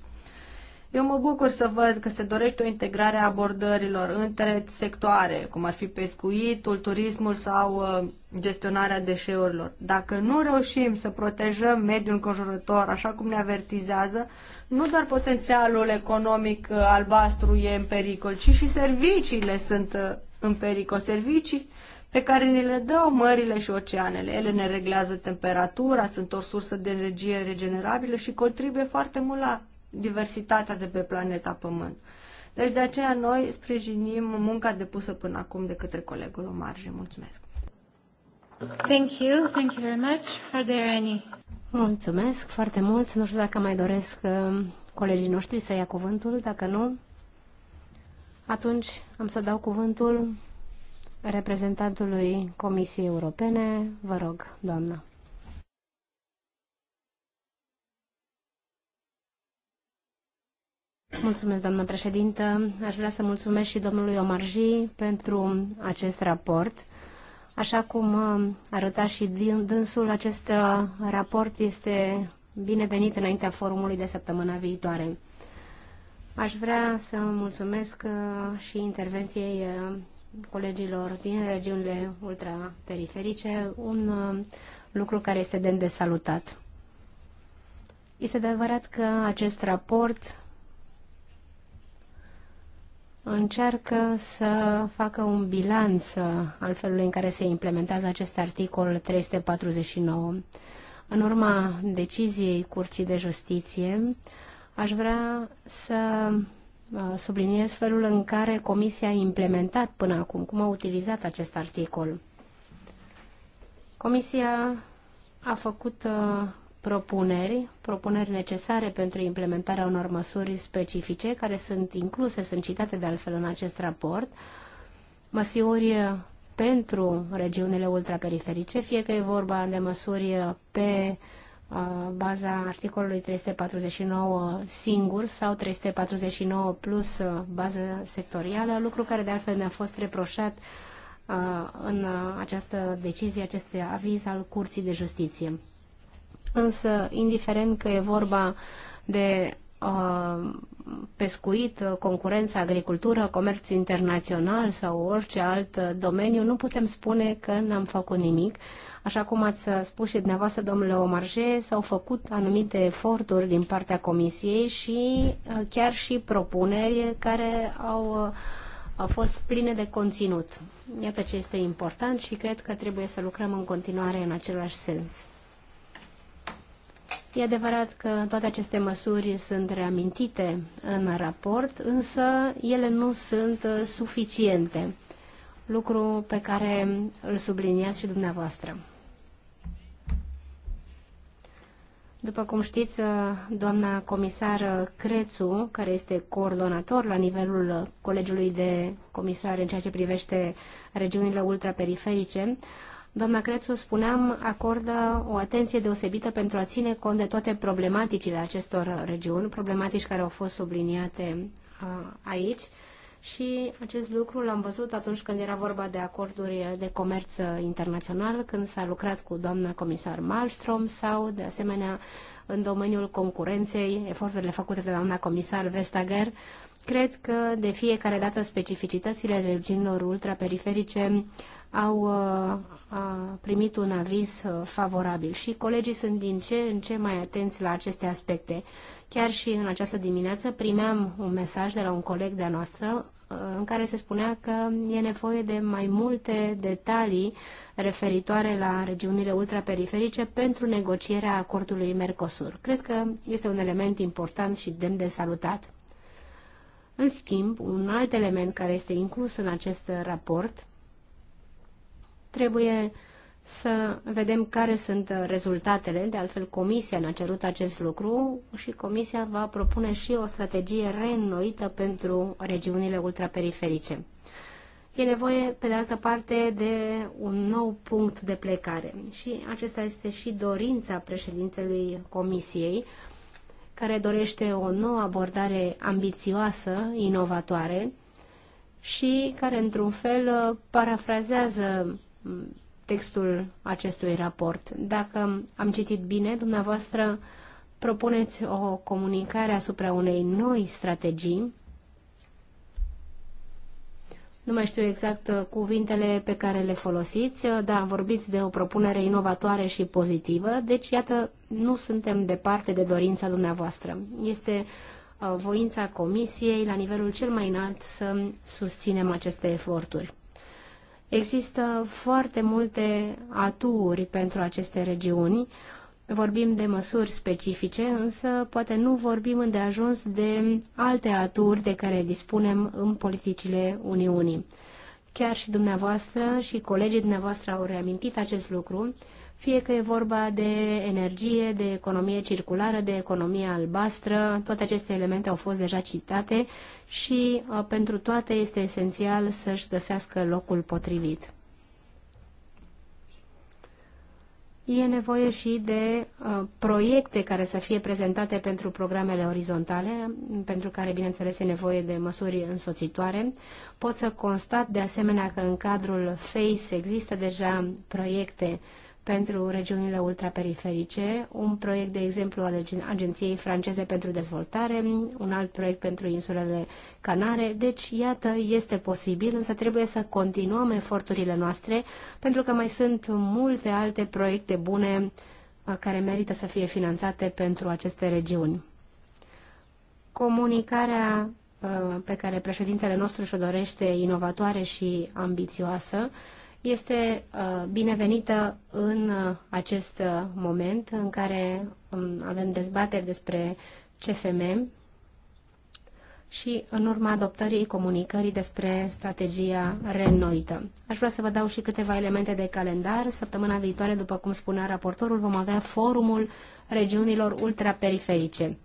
Eu mă bucur să văd că se dorește o integrare a abordărilor între sectoare, cum ar fi pescuitul, turismul sau uh, gestionarea deșeurilor. Dacă nu reușim să protejăm mediul înconjurător așa cum ne avertizează, nu doar potențialul economic uh, albastru e în pericol, ci și serviciile sunt uh, în pericol. Servicii pe care ne le dau mările și oceanele. Ele ne reglează temperatura, sunt o sursă de energie regenerabilă și contribuie foarte mult la diversitatea de pe planeta Pământ. Deci de aceea noi sprijinim munca depusă până acum de către colegul și Mulțumesc! Thank you, thank you very much. Are there any? Mulțumesc foarte mult. Nu știu dacă mai doresc um, colegii noștri să ia cuvântul. Dacă nu, atunci am să dau cuvântul reprezentantului Comisiei Europene. Vă rog, doamnă. Mulțumesc, doamnă președintă. Aș vrea să mulțumesc și domnului Omarji pentru acest raport. Așa cum arăta și dânsul, acest uh, raport este binevenit înaintea forumului de săptămâna viitoare. Aș vrea să mulțumesc uh, și intervenției uh, colegilor din regiunile ultraperiferice, un lucru care este demn de salutat. Este adevărat că acest raport încearcă să facă un bilanț al felului în care se implementează acest articol 349. În urma deciziei Curții de Justiție, aș vrea să uh, subliniez felul în care Comisia a implementat până acum, cum a utilizat acest articol. Comisia a făcut uh, propuneri, propuneri necesare pentru implementarea unor măsuri specifice, care sunt incluse, sunt citate de altfel în acest raport, măsuri pentru regiunile ultraperiferice, fie că e vorba de măsuri pe baza articolului 349 singur sau 349 plus bază sectorială, lucru care de altfel ne-a fost reproșat în această decizie, acest aviz al Curții de Justiție însă indiferent că e vorba de uh, pescuit, concurență, agricultură, comerț internațional sau orice alt domeniu, nu putem spune că n-am făcut nimic. Așa cum ați spus și dumneavoastră, domnule Omarje, s-au făcut anumite eforturi din partea Comisiei și uh, chiar și propuneri care au, uh, au fost pline de conținut. Iată ce este important și cred că trebuie să lucrăm în continuare în același sens. E adevărat că toate aceste măsuri sunt reamintite în raport, însă ele nu sunt uh, suficiente, lucru pe care îl subliniați și dumneavoastră. După cum știți, uh, doamna comisar Crețu, care este coordonator la nivelul Colegiului de Comisari în ceea ce privește regiunile ultraperiferice, Doamna Crețu, spuneam, acordă o atenție deosebită pentru a ține cont de toate problematicile acestor regiuni, problematici care au fost subliniate aici și acest lucru l-am văzut atunci când era vorba de acorduri de comerț internațional, când s-a lucrat cu doamna comisar Malmström sau, de asemenea, în domeniul concurenței, eforturile făcute de doamna comisar Vestager. Cred că de fiecare dată specificitățile regiunilor ultraperiferice uh, au uh, primit un aviz uh, favorabil și colegii sunt din ce în ce mai atenți la aceste aspecte. Chiar și în această dimineață primeam un mesaj de la un coleg de-a noastră uh, în care se spunea că e nevoie de mai multe detalii referitoare la regiunile ultraperiferice pentru negocierea acordului Mercosur. Cred că este un element important și demn de salutat. În schimb, un alt element care este inclus în acest raport Trebuie să vedem care sunt rezultatele. De altfel, Comisia ne-a cerut acest lucru și Comisia va propune și o strategie reînnoită pentru regiunile ultraperiferice. E nevoie, pe de altă parte, de un nou punct de plecare și acesta este și dorința președintelui Comisiei, care dorește o nouă abordare ambițioasă, inovatoare și care, într-un fel, parafrazează textul acestui raport. Dacă am citit bine, dumneavoastră propuneți o comunicare asupra unei noi strategii. Nu mai știu exact uh, cuvintele pe care le folosiți, uh, dar vorbiți de o propunere inovatoare și pozitivă, deci iată, nu suntem departe de dorința dumneavoastră. Este uh, voința Comisiei la nivelul cel mai înalt să susținem aceste eforturi. Există foarte multe aturi pentru aceste regiuni. Vorbim de măsuri specifice, însă poate nu vorbim îndeajuns de alte aturi de care dispunem în politicile Uniunii. Chiar și dumneavoastră și colegii dumneavoastră au reamintit acest lucru fie că e vorba de energie, de economie circulară, de economie albastră, toate aceste elemente au fost deja citate și uh, pentru toate este esențial să-și găsească locul potrivit. E nevoie și de uh, proiecte care să fie prezentate pentru programele orizontale, pentru care, bineînțeles, e nevoie de măsuri însoțitoare. Pot să constat, de asemenea, că în cadrul FACE există deja proiecte uh, pentru regiunile ultraperiferice, un proiect, de exemplu, al Agenției franceze pentru dezvoltare, un alt proiect pentru insulele Canare. Deci, iată, este posibil, însă trebuie să continuăm eforturile noastre, pentru că mai sunt multe alte proiecte bune uh, care merită să fie finanțate pentru aceste regiuni. Comunicarea uh, pe care președintele nostru și-o dorește inovatoare și ambițioasă, este uh, binevenită în uh, acest uh, moment în care um, avem dezbateri despre CFM și în urma adoptării comunicării despre strategia renoită. Aș vrea să vă dau și câteva elemente de calendar. Săptămâna viitoare, după cum spunea raportorul, vom avea forumul regiunilor ultraperiferice.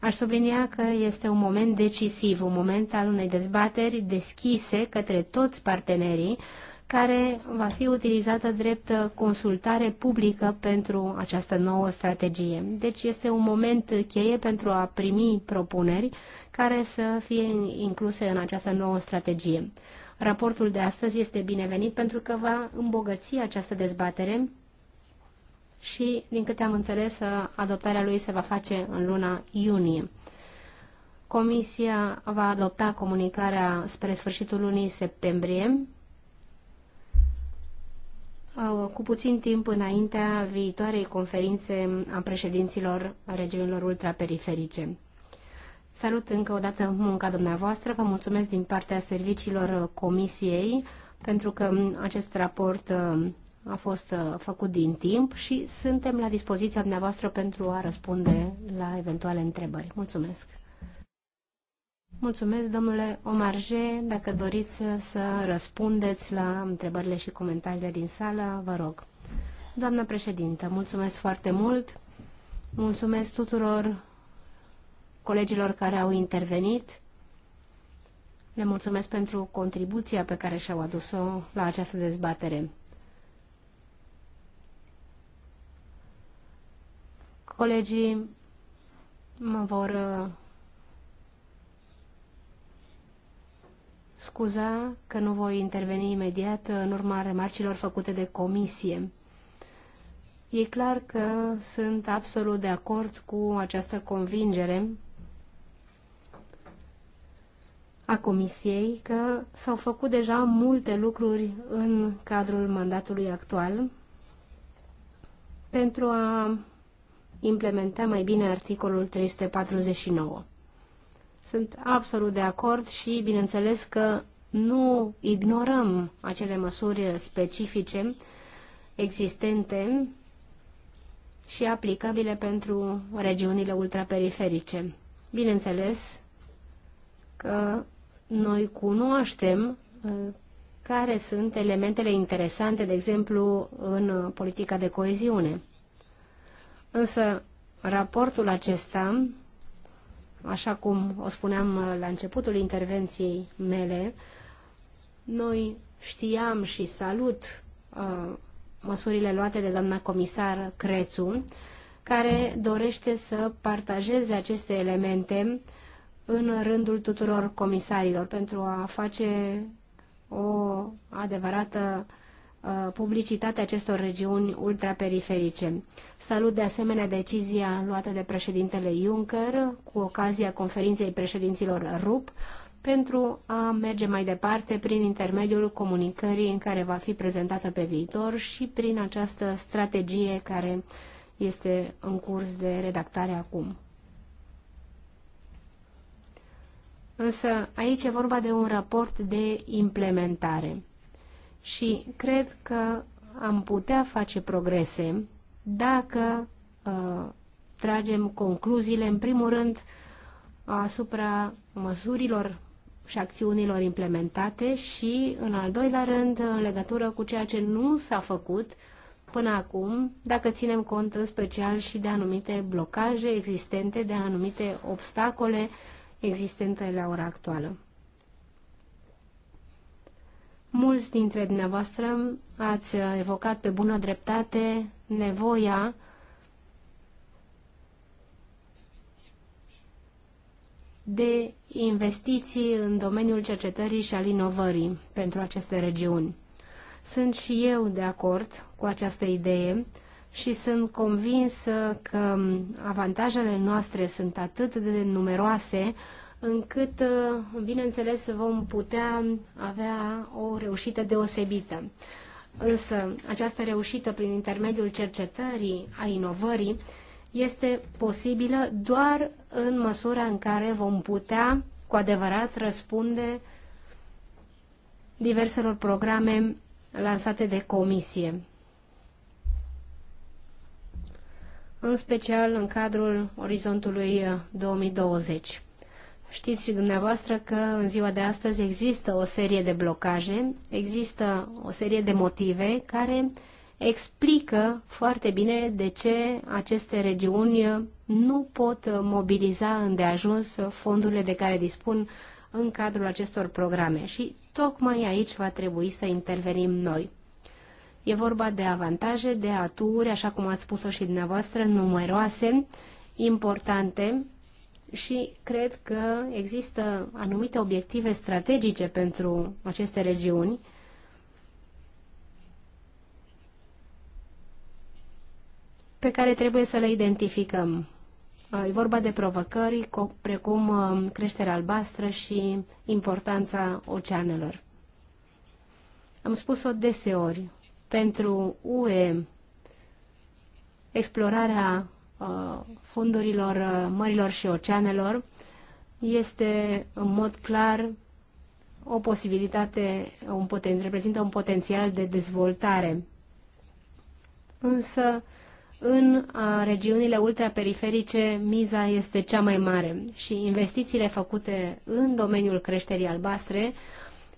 Aș sublinia că este un moment decisiv, un moment al unei dezbateri deschise către toți partenerii care va fi utilizată drept uh, consultare publică pentru această nouă strategie. Deci este un moment cheie pentru a primi propuneri care să fie incluse în această nouă strategie. Raportul de astăzi este binevenit pentru că va îmbogăți această dezbatere și, din câte am înțeles, uh, adoptarea lui se va face în luna iunie. Comisia va adopta comunicarea spre sfârșitul lunii septembrie cu puțin timp înaintea viitoarei conferințe a președinților a regiunilor ultraperiferice. Salut încă o dată munca dumneavoastră, vă mulțumesc din partea serviciilor Comisiei pentru că acest raport uh, a fost uh, făcut din timp și suntem la dispoziția dumneavoastră pentru a răspunde la eventuale întrebări. Mulțumesc! Mulțumesc, domnule Omarje. Dacă doriți să răspundeți la întrebările și comentariile din sală, vă rog. Doamna președintă, mulțumesc foarte mult. Mulțumesc tuturor colegilor care au intervenit. Le mulțumesc pentru contribuția pe care și-au adus-o la această dezbatere. Colegii mă vor scuza că nu voi interveni imediat în urma remarcilor făcute de comisie. E clar că sunt absolut de acord cu această convingere a Comisiei că s-au făcut deja multe lucruri în cadrul mandatului actual pentru a implementa mai bine articolul 349. Sunt absolut de acord și, bineînțeles, că nu ignorăm acele măsuri specifice existente și aplicabile pentru regiunile ultraperiferice. Bineînțeles că noi cunoaștem uh, care sunt elementele interesante, de exemplu, în politica de coeziune. Însă, raportul acesta așa cum o spuneam uh, la începutul intervenției mele, noi știam și salut uh, măsurile luate de doamna comisar Crețu, care dorește să partajeze aceste elemente în rândul tuturor comisarilor pentru a face o adevărată uh, Uh, publicitatea acestor regiuni ultraperiferice. Salut de asemenea decizia luată de președintele Juncker cu ocazia conferinței președinților RUP pentru a merge mai departe prin intermediul comunicării în care va fi prezentată pe viitor și prin această strategie care este în curs de redactare acum. Însă aici e vorba de un raport de implementare. Și cred că am putea face progrese dacă uh, tragem concluziile, în primul rând, asupra măsurilor și acțiunilor implementate și, în al doilea rând, în legătură cu ceea ce nu s-a făcut până acum, dacă ținem cont în special și de anumite blocaje existente, de anumite obstacole existente la ora actuală. Mulți dintre dumneavoastră ați evocat pe bună dreptate nevoia de investiții în domeniul cercetării și al inovării pentru aceste regiuni. Sunt și eu de acord cu această idee și sunt convinsă că avantajele noastre sunt atât de numeroase încât, ă, bineînțeles, vom putea avea o reușită deosebită. Însă, această reușită prin intermediul cercetării, a inovării, este posibilă doar în măsura în care vom putea cu adevărat răspunde diverselor programe lansate de comisie. În special în cadrul orizontului 2020. Ă, Știți și dumneavoastră că în ziua de astăzi există o serie de blocaje, există o serie de motive care explică foarte bine de ce aceste regiuni nu pot mobiliza îndeajuns fondurile de care dispun în cadrul acestor programe și tocmai aici va trebui să intervenim noi. E vorba de avantaje, de aturi, așa cum ați spus-o și dumneavoastră, numeroase, importante, și cred că există anumite obiective strategice pentru aceste regiuni pe care trebuie să le identificăm. E vorba de provocări precum uh, creșterea albastră și importanța oceanelor. Am spus-o deseori. Pentru UE, explorarea Uh, fundurilor uh, mărilor și oceanelor este în mod clar o posibilitate, un poten, reprezintă un potențial de dezvoltare. Însă, în uh, regiunile ultraperiferice, miza este cea mai mare și investițiile făcute în domeniul creșterii albastre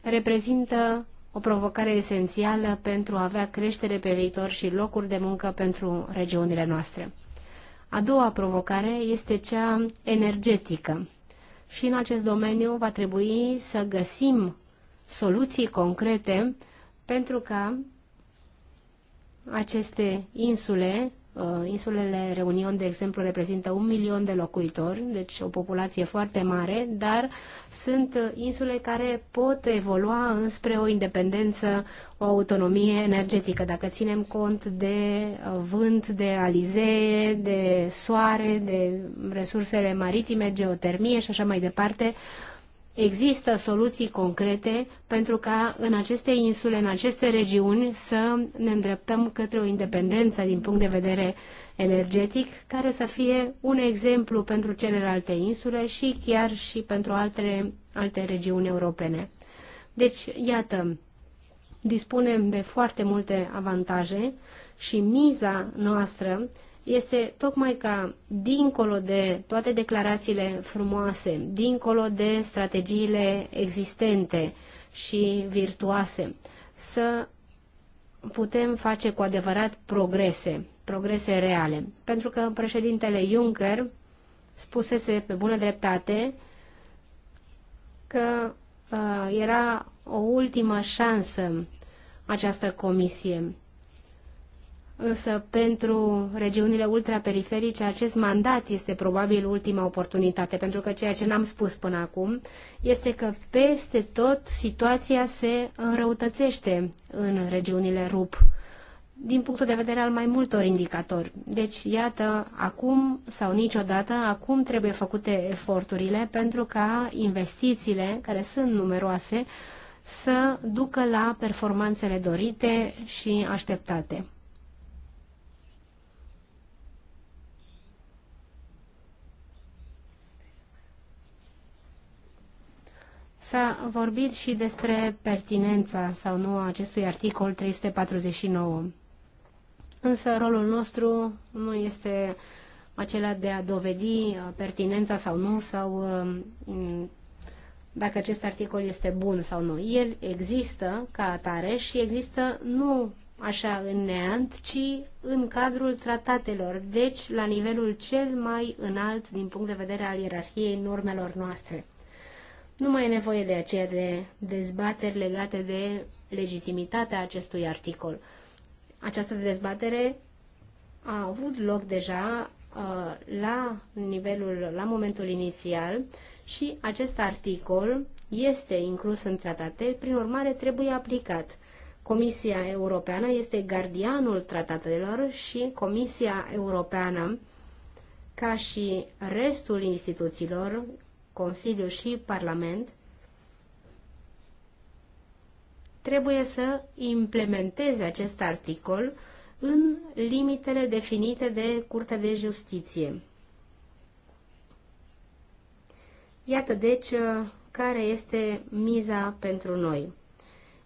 reprezintă o provocare esențială pentru a avea creștere pe viitor și locuri de muncă pentru regiunile noastre. A doua provocare este cea energetică. Și în acest domeniu va trebui să găsim soluții concrete pentru ca aceste insule Uh, insulele Reunion, de exemplu, reprezintă un milion de locuitori, deci o populație foarte mare, dar sunt uh, insule care pot evolua înspre o independență, o autonomie energetică, dacă ținem cont de uh, vânt, de alizee, de soare, de resursele maritime, geotermie și așa mai departe, există soluții concrete pentru ca în aceste insule, în aceste regiuni, să ne îndreptăm către o independență din punct de vedere energetic, care să fie un exemplu pentru celelalte insule și chiar și pentru alte, alte regiuni europene. Deci, iată, dispunem de foarte multe avantaje și miza noastră este tocmai ca, dincolo de toate declarațiile frumoase, dincolo de strategiile existente și virtuoase, să putem face cu adevărat progrese, progrese reale. Pentru că președintele Juncker spusese pe bună dreptate că uh, era o ultimă șansă această comisie însă pentru regiunile ultraperiferice acest mandat este probabil ultima oportunitate, pentru că ceea ce n-am spus până acum este că peste tot situația se înrăutățește în regiunile RUP din punctul de vedere al mai multor indicatori. Deci, iată, acum sau niciodată, acum trebuie făcute eforturile pentru ca investițiile, care sunt numeroase, să ducă la performanțele dorite și așteptate. S-a vorbit și despre pertinența sau nu a acestui articol 349. Însă rolul nostru nu este acela de a dovedi uh, pertinența sau nu, sau um, mm, dacă acest articol este bun sau nu. El există ca atare și există nu așa în neant, ci în cadrul tratatelor, deci la nivelul cel mai înalt din punct de vedere al ierarhiei normelor noastre. Nu mai e nevoie de aceea de dezbateri legate de legitimitatea acestui articol. Această dezbatere a avut loc deja uh, la nivelul, la momentul inițial și acest articol este inclus în tratate, prin urmare trebuie aplicat. Comisia Europeană este gardianul tratatelor și Comisia Europeană, ca și restul instituțiilor, Consiliu și Parlament, trebuie să implementeze acest articol în limitele definite de Curtea de Justiție. Iată deci uh, care este miza pentru noi.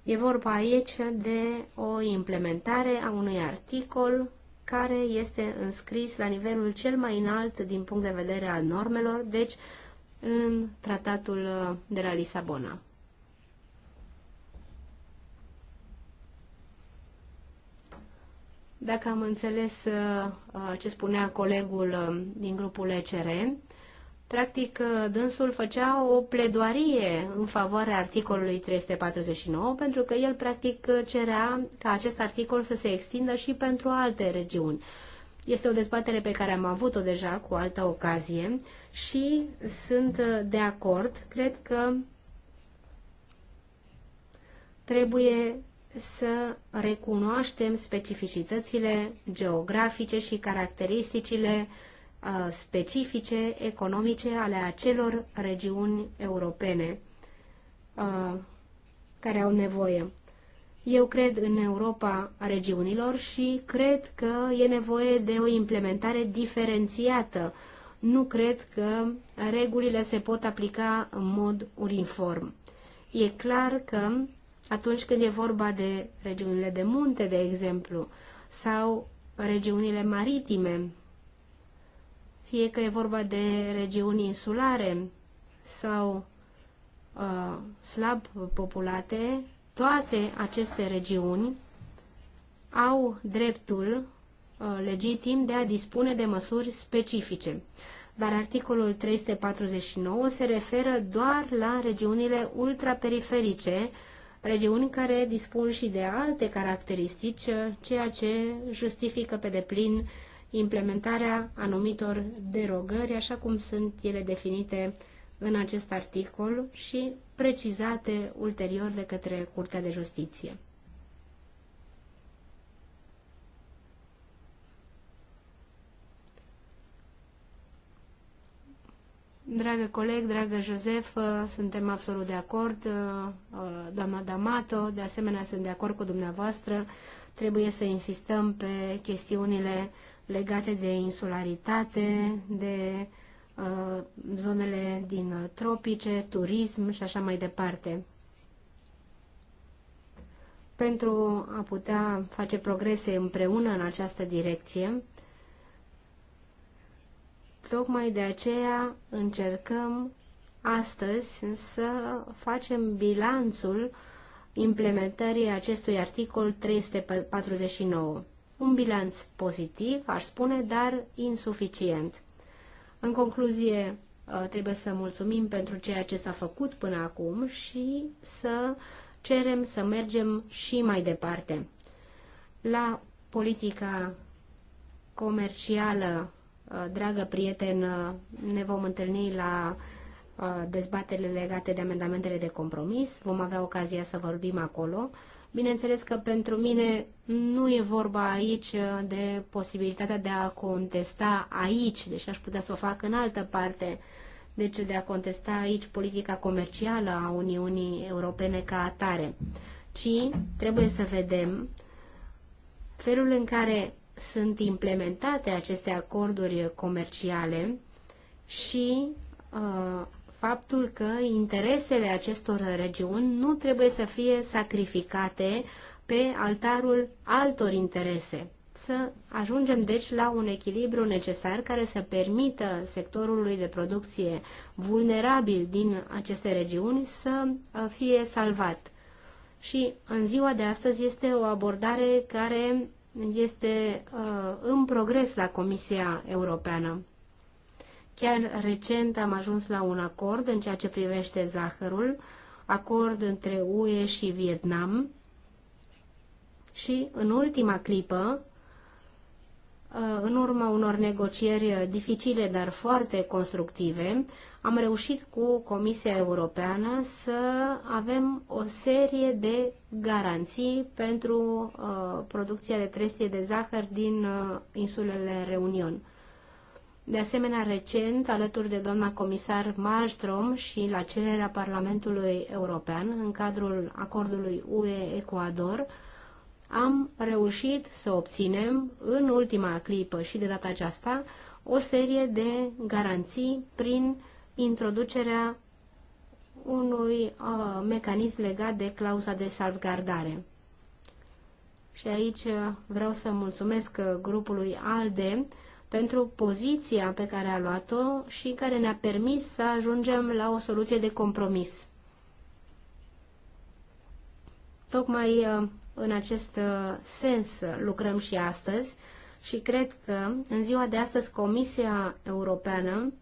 E vorba aici de o implementare a unui articol care este înscris la nivelul cel mai înalt din punct de vedere al normelor, deci în tratatul uh, de la Lisabona. Dacă am înțeles uh, uh, ce spunea colegul din grupul ECR, practic dânsul făcea o pledoarie în favoarea articolului 349, pentru că el practic cerea ca acest articol să se extindă și pentru alte regiuni. Este o dezbatere pe care am avut-o deja cu altă ocazie și sunt uh, de acord. Cred că trebuie să recunoaștem specificitățile geografice și caracteristicile uh, specifice, economice ale acelor regiuni europene uh, care au nevoie. Eu cred în Europa a regiunilor și cred că e nevoie de o implementare diferențiată. Nu cred că regulile se pot aplica în mod uniform. E clar că atunci când e vorba de regiunile de munte, de exemplu, sau regiunile maritime, fie că e vorba de regiuni insulare sau uh, slab populate, toate aceste regiuni au dreptul uh, legitim de a dispune de măsuri specifice. Dar articolul 349 se referă doar la regiunile ultraperiferice, regiuni care dispun și de alte caracteristici, uh, ceea ce justifică pe deplin implementarea anumitor derogări, așa cum sunt ele definite în acest articol și precizate ulterior de către Curtea de Justiție. Dragă coleg, dragă Josef, ă, suntem absolut de acord. Ă, ă, doamna D'Amato, de asemenea, sunt de acord cu dumneavoastră. Trebuie să insistăm pe chestiunile legate de insularitate, de uh, Uh, zonele din uh, tropice, turism și așa mai departe. Pentru a putea face progrese împreună în această direcție, tocmai de aceea încercăm astăzi să facem bilanțul implementării acestui articol 349. Un bilanț pozitiv, aș spune, dar insuficient. În concluzie, uh, trebuie să mulțumim pentru ceea ce s-a făcut până acum și să cerem să mergem și mai departe. La politica comercială, uh, dragă prieten, ne vom întâlni la uh, dezbaterile legate de amendamentele de compromis. Vom avea ocazia să vorbim acolo Bineînțeles că pentru mine nu e vorba aici de posibilitatea de a contesta aici, deși aș putea să o fac în altă parte, deci de a contesta aici politica comercială a Uniunii Europene ca atare, ci trebuie să vedem felul în care sunt implementate aceste acorduri comerciale și uh, faptul că interesele acestor regiuni nu trebuie să fie sacrificate pe altarul altor interese. Să ajungem deci la un echilibru necesar care să permită sectorului de producție vulnerabil din aceste regiuni să uh, fie salvat. Și în ziua de astăzi este o abordare care este uh, în progres la Comisia Europeană. Chiar recent am ajuns la un acord în ceea ce privește zahărul, acord între UE și Vietnam și în ultima clipă, în urma unor negocieri dificile, dar foarte constructive, am reușit cu Comisia Europeană să avem o serie de garanții pentru uh, producția de trestie de zahăr din uh, insulele Reunion. De asemenea, recent, alături de doamna comisar Malmström și la cererea Parlamentului European, în cadrul acordului UE-Ecuador, am reușit să obținem, în ultima clipă și de data aceasta, o serie de garanții prin introducerea unui uh, mecanism legat de clauza de salvgardare. Și aici uh, vreau să mulțumesc uh, grupului ALDE, pentru poziția pe care a luat-o și care ne-a permis să ajungem la o soluție de compromis. Tocmai uh, în acest uh, sens uh, lucrăm și astăzi și cred că în ziua de astăzi Comisia Europeană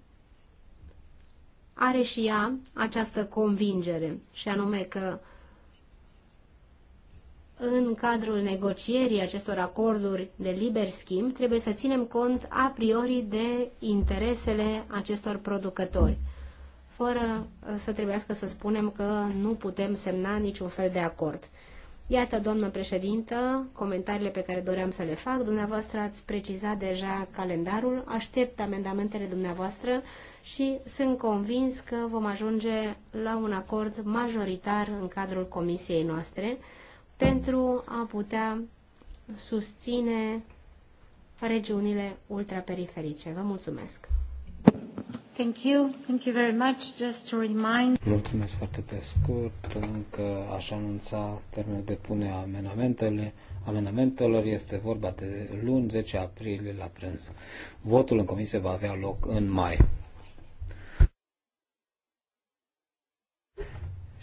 are și ea această convingere și anume că în cadrul negocierii acestor acorduri de liber schimb, trebuie să ținem cont a priori de interesele acestor producători, fără uh, să trebuiască să spunem că nu putem semna niciun fel de acord. Iată, doamnă președintă, comentariile pe care doream să le fac. Dumneavoastră ați precizat deja calendarul, aștept amendamentele dumneavoastră și sunt convins că vom ajunge la un acord majoritar în cadrul comisiei noastre pentru a putea susține regiunile ultraperiferice. Vă mulțumesc! Thank you. Thank you very much. Just to remind... Mulțumesc foarte pe scurt. Încă aș anunța termenul de pune amenamentele. Amenamentelor este vorba de luni 10 aprilie la prânz. Votul în comisie va avea loc în mai.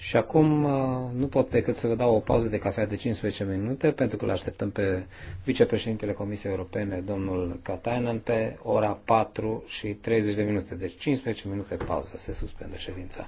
Și acum uh, nu pot decât să vă dau o pauză de cafea de 15 minute, pentru că îl așteptăm pe vicepreședintele Comisiei Europene, domnul Katainen, pe ora 4 și 30 de minute. Deci 15 minute pauză. Se suspendă ședința.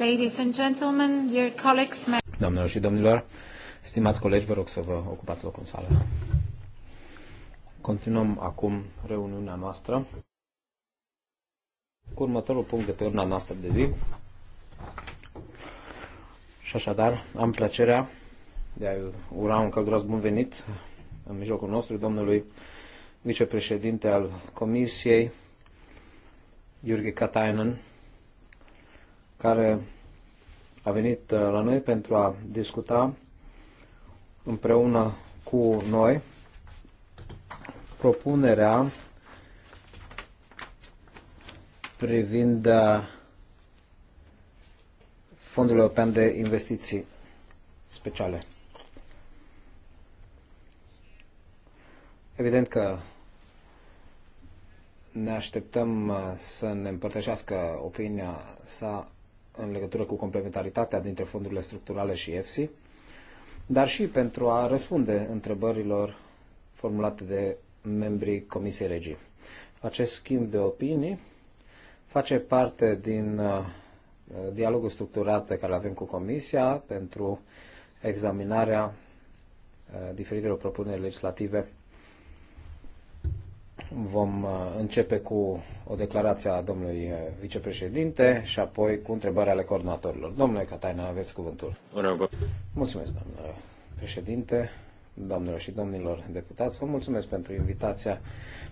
Ladies and gentlemen, dear colleagues, may... Doamnelor și domnilor, stimați colegi, vă rog să vă ocupați locul în sală. Continuăm acum reuniunea noastră cu următorul punct de pe urna noastră de zi. Și așadar, am plăcerea de a ura un călduros bun venit în mijlocul nostru domnului vicepreședinte al Comisiei, Iurghi Katainen, care a venit uh, la noi pentru a discuta împreună cu noi propunerea privind uh, Fondul European de Investiții Speciale. Evident că ne așteptăm uh, să ne împărtășească opinia sa în legătură cu complementaritatea dintre fondurile structurale și EFSI, dar și pentru a răspunde întrebărilor formulate de membrii Comisiei Regii. Acest schimb de opinii face parte din uh, dialogul structurat pe care îl avem cu Comisia pentru examinarea uh, diferitelor propuneri legislative Vom uh, începe cu o declarație a domnului uh, vicepreședinte și apoi cu întrebarea ale coordonatorilor. Domnule Cataina, aveți cuvântul. Mulțumesc, domnule președinte, doamnelor și domnilor deputați. Vă mulțumesc pentru invitația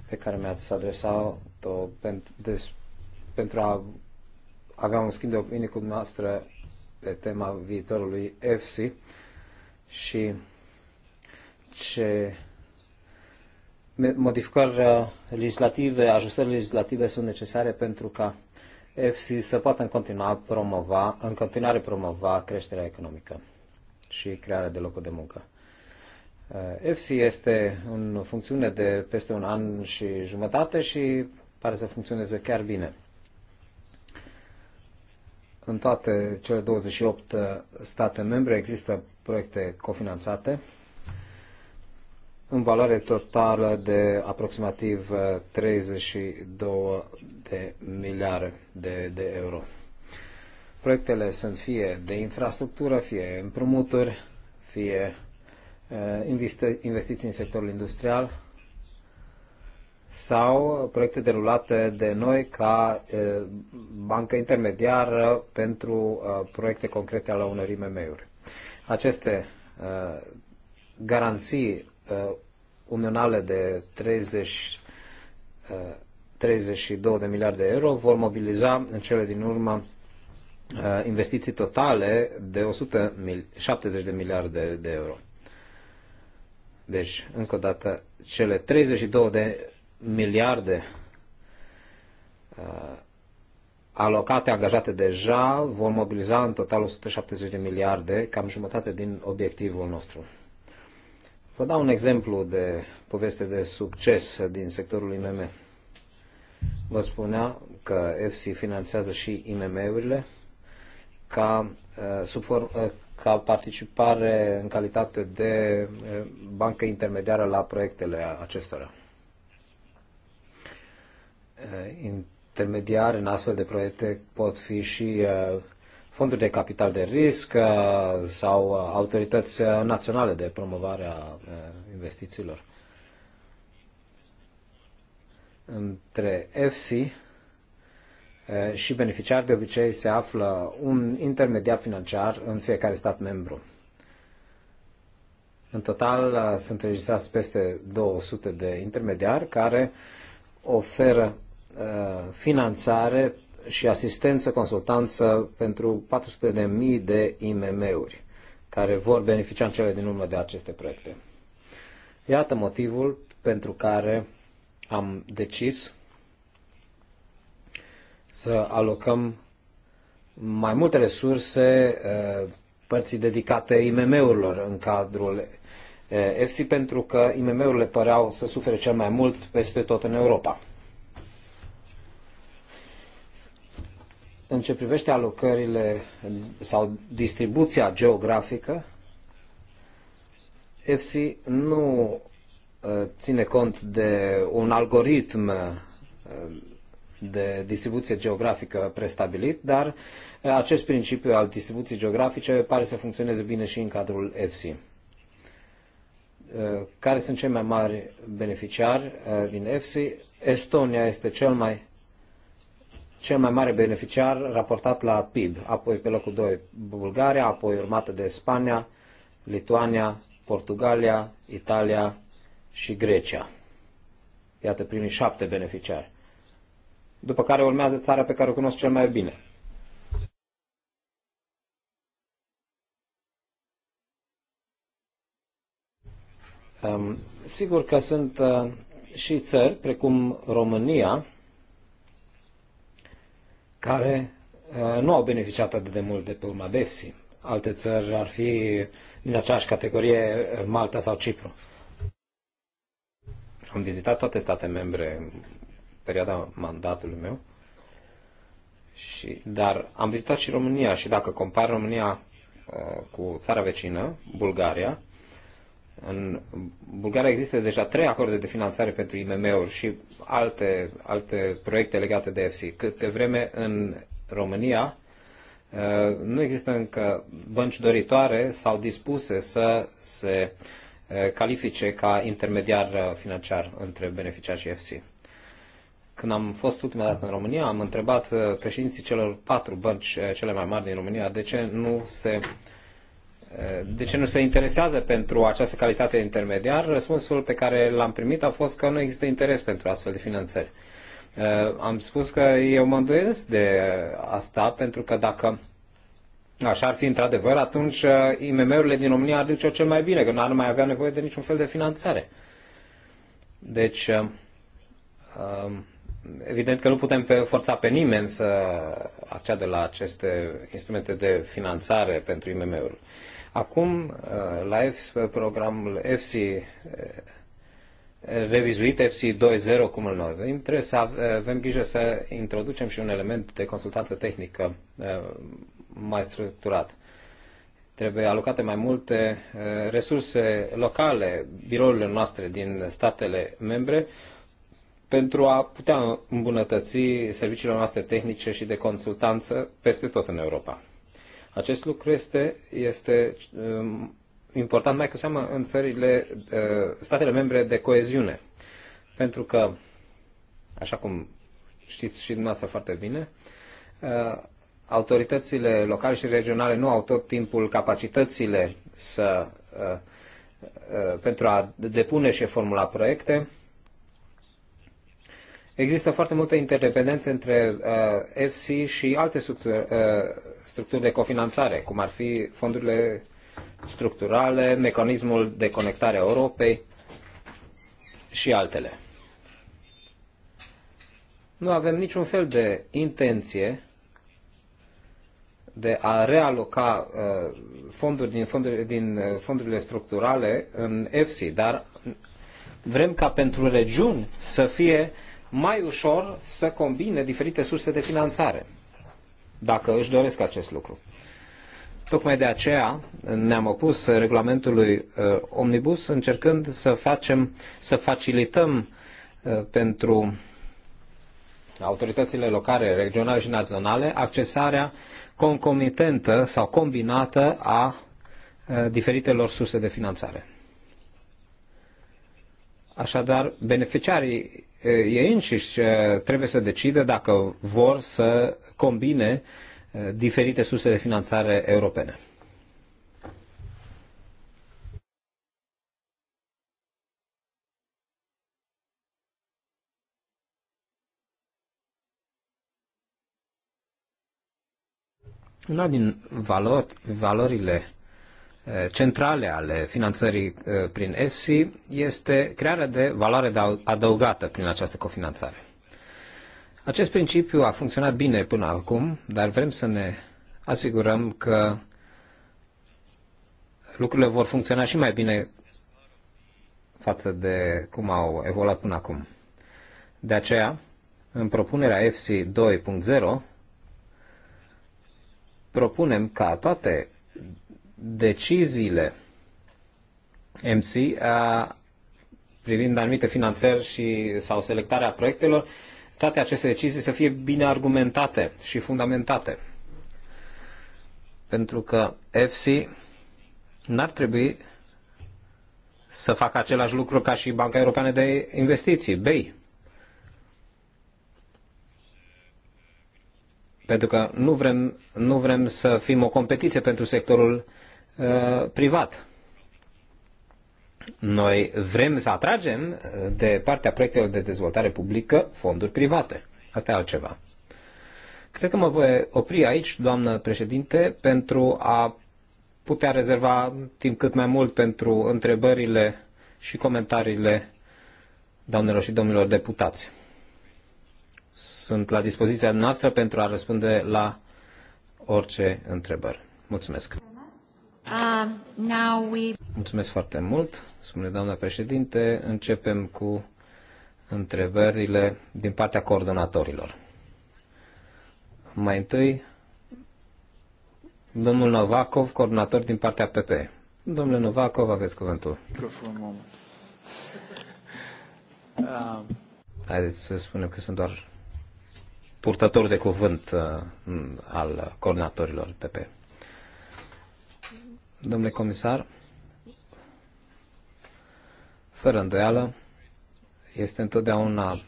pe care mi-ați adresat-o pentru a avea un schimb de opinii cu dumneavoastră pe tema viitorului EFSI și ce modificări uh, legislative, ajustări legislative sunt necesare pentru ca EFSI să poată în, continua promova, în continuare promova creșterea economică și crearea de locuri de muncă. EFSI uh, este în funcțiune de peste un an și jumătate și pare să funcționeze chiar bine. În toate cele 28 uh, state membre există proiecte cofinanțate în valoare totală de aproximativ 32 uh, de miliarde de, de euro. Proiectele sunt fie de infrastructură, fie împrumuturi, fie uh, investi- investiții în sectorul industrial sau proiecte derulate de noi ca uh, bancă intermediară pentru proiecte concrete ale unor IMM-uri. Aceste garanții Uh, unionale de 30, 32 uh, de miliarde de euro vor mobiliza în cele din urmă uh, investiții totale de 170 de miliarde de euro. Deci, încă o dată, cele 32 de miliarde alocate, angajate deja, vor mobiliza în total 170 de miliarde, cam jumătate din obiectivul nostru. Vă dau un exemplu de poveste de succes din sectorul IMM. Vă spunea că FC finanțează și IMM-urile ca, uh, sub uh, ca participare în calitate de uh, bancă intermediară la proiectele acestora. Intermediari în astfel de proiecte pot fi și fonduri de capital de risc uh, sau uh, autorități uh, naționale de promovare a investițiilor. Între FC și beneficiar de obicei se află un intermediar financiar în fiecare stat membru. În total sunt înregistrați peste 200 de intermediari care oferă finanțare și asistență, consultanță pentru 400.000 de, de IMM-uri care vor beneficia în cele din urmă de aceste proiecte. Iată motivul pentru care am decis să alocăm mai multe resurse uh, părții dedicate IMM-urilor în cadrul EFSI uh, pentru că IMM-urile păreau să sufere cel mai mult peste tot în Europa. în ce privește alocările sau distribuția geografică, FC nu uh, ține cont de un algoritm uh, de distribuție geografică prestabilit, dar uh, acest principiu al distribuției geografice pare să funcționeze bine și în cadrul FC. Care sunt cei mai mari beneficiari din FC? Estonia este cel mai cel mai mare beneficiar raportat la PIB, apoi pe locul 2 Bulgaria, apoi urmată de Spania, Lituania, Portugalia, Italia și Grecia. Iată primii șapte beneficiari. După care urmează țara pe care o cunosc cel mai bine. Um, sigur că sunt uh, și țări, precum România, care uh, nu au beneficiat atât de mult de pe urma BEFSI. Alte țări ar fi din aceeași categorie Malta sau Cipru. Am vizitat toate state membre în perioada mandatului meu, și, dar am vizitat și România și dacă compar România uh, cu țara vecină, Bulgaria, în Bulgaria există deja trei acorde de finanțare pentru IMM-uri și alte, alte proiecte legate de EFSI. Câte vreme în România uh, nu există încă bănci doritoare sau dispuse să se uh, califice ca intermediar uh, financiar între beneficiari și EFSI. Când am fost ultima dată în România, am întrebat președinții celor patru bănci cele mai mari din România de ce nu se uh, de ce nu se interesează pentru această calitate de intermediar, răspunsul pe care l-am primit a fost că nu există interes pentru astfel de finanțări. Uh, am spus că eu mă îndoiesc de asta pentru că dacă așa ar fi într-adevăr, atunci uh, IMM-urile din România ar duce cel mai bine, că nu ar mai avea nevoie de niciun fel de finanțare. Deci, uh, um, evident că nu putem pe, forța pe nimeni să acceadă la aceste instrumente de finanțare pentru IMM-uri. Acum, uh, la F, programul FC uh, revizuit FC 2.0, cum îl numim, trebuie să avem grijă să introducem și un element de consultanță tehnică uh, mai structurat. Trebuie alocate mai multe resurse locale birourile noastre din statele membre pentru a putea îmbunătăți serviciile noastre tehnice și de consultanță peste tot în Europa. Acest lucru este, este um, important mai cu seamă în țările, uh, statele membre de coeziune. Pentru că, așa cum știți și dumneavoastră foarte bine, uh, autoritățile locale și regionale nu au tot timpul capacitățile să, uh, pentru a depune și formula proiecte Există foarte multă interdependență între uh, FC și alte structuri, uh, structuri de cofinanțare, cum ar fi fondurile structurale, mecanismul de conectare a Europei și altele. Nu avem niciun fel de intenție de a realoca uh, fonduri din, fonduri, din uh, fondurile structurale în EFSI, dar vrem ca pentru regiuni să fie uh, mai ușor să combine diferite surse de finanțare, dacă își doresc acest lucru. Tocmai de aceea ne-am opus regulamentului uh, Omnibus, încercând să, facem, să facilităm uh, pentru autoritățile locale, regionale și naționale accesarea concomitentă sau combinată a uh, diferitelor surse de finanțare. Așadar, beneficiarii ei înșiși trebuie să decidă dacă vor să combine diferite surse de finanțare europene. Una din valori, valorile Eh, centrale ale finanțării eh, prin EFSI este crearea de valoare adăugată prin această cofinanțare. Acest principiu a funcționat bine până acum, dar vrem să ne asigurăm că lucrurile vor funcționa și mai bine față de cum au evoluat până acum. De aceea, în propunerea FC 2.0, propunem ca toate deciziile MC a, privind anumite finanțări și, sau selectarea proiectelor, toate aceste decizii să fie bine argumentate și fundamentate. Pentru că FC n-ar trebui să facă același lucru ca și Banca Europeană de Investiții, BEI. Pentru că nu vrem, nu vrem să fim o competiție pentru sectorul uh, Uh, privat. Noi vrem să atragem uh, de partea proiectelor de dezvoltare publică fonduri private. Asta e altceva. Cred că mă voi opri aici, doamnă președinte, pentru a putea rezerva timp cât mai mult pentru întrebările și comentariile doamnelor și domnilor deputați. Sunt la dispoziția noastră pentru a răspunde la orice întrebări. Mulțumesc! Uh, now we... Mulțumesc foarte mult, spune doamna președinte. Începem cu întrebările din partea coordonatorilor. Mai întâi, domnul Novakov, coordonator din partea PP. Domnule Novakov, aveți cuvântul. Uh. Haideți să spunem că sunt doar purtător de cuvânt uh, al coordonatorilor PP domnule comisar, fără îndoială, este întotdeauna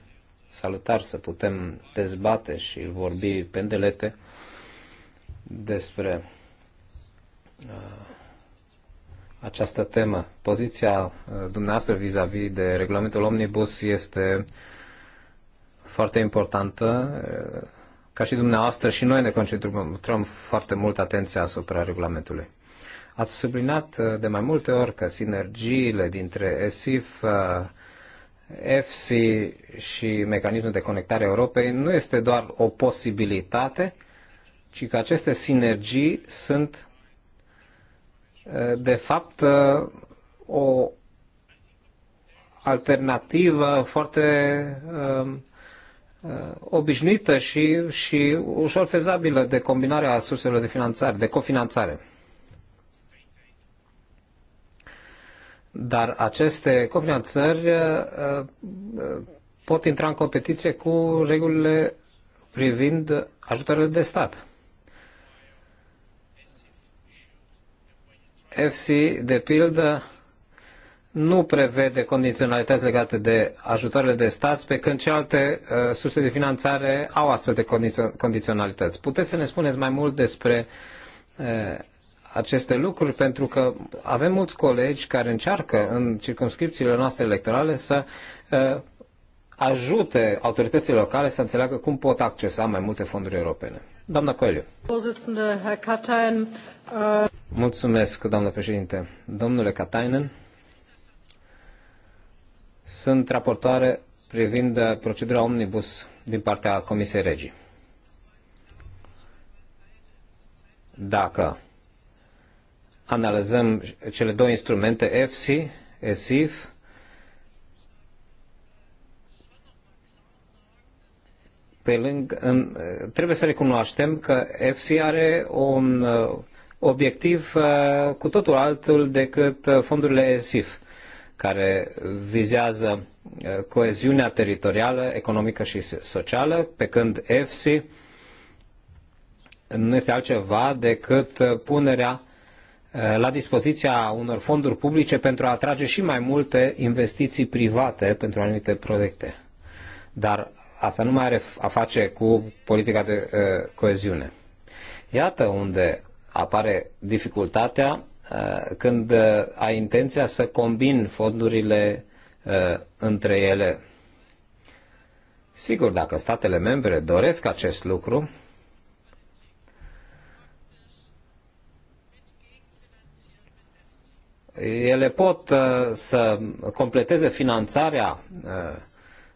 salutar să putem dezbate și vorbi pendelete despre uh, această temă. Poziția uh, dumneavoastră vis-a-vis -vis de regulamentul Omnibus este foarte importantă. Uh, ca și dumneavoastră și noi ne concentrăm foarte mult atenția asupra regulamentului. Ați subliniat uh, de mai multe ori că sinergiile dintre ESIF, EFSI uh, și mecanismul de conectare Europei nu este doar o posibilitate, ci că aceste sinergii sunt uh, de fapt o alternativă foarte um, obișnuită și, și ușor fezabilă de combinarea surselor de finanțare, de cofinanțare. Dar aceste cofinanțări uh, uh, pot intra în competiție cu regulile privind ajutorul de stat. FC, de pildă, nu prevede condiționalități legate de ajutoarele de stat, pe când celelalte uh, surse de finanțare au astfel de condiționalități. Puteți să ne spuneți mai mult despre uh, aceste lucruri pentru că avem mulți colegi care încearcă în circumscripțiile noastre electorale să uh, ajute autoritățile locale să înțeleagă cum pot accesa mai multe fonduri europene. Doamna Coeliu. Uh, Mulțumesc, doamnă președinte. Domnule Katainen, sunt raportoare privind procedura omnibus din partea Comisiei Regii. Dacă analizăm cele două instrumente, EFSI, ESIF, pe lângă, trebuie să recunoaștem că EFSI are un uh, obiectiv uh, cu totul altul decât uh, fondurile ESIF, care vizează coeziunea teritorială, economică și socială, pe când EFSI nu este altceva decât punerea Eh, la dispoziția unor fonduri publice pentru a atrage și mai multe investiții private pentru anumite proiecte. Dar asta nu mai are a face cu politica de eh, coeziune. Iată unde apare dificultatea eh, când ai intenția să combini fondurile între ele. Sigur, dacă statele membre doresc acest lucru, ele pot uh, să completeze finanțarea uh,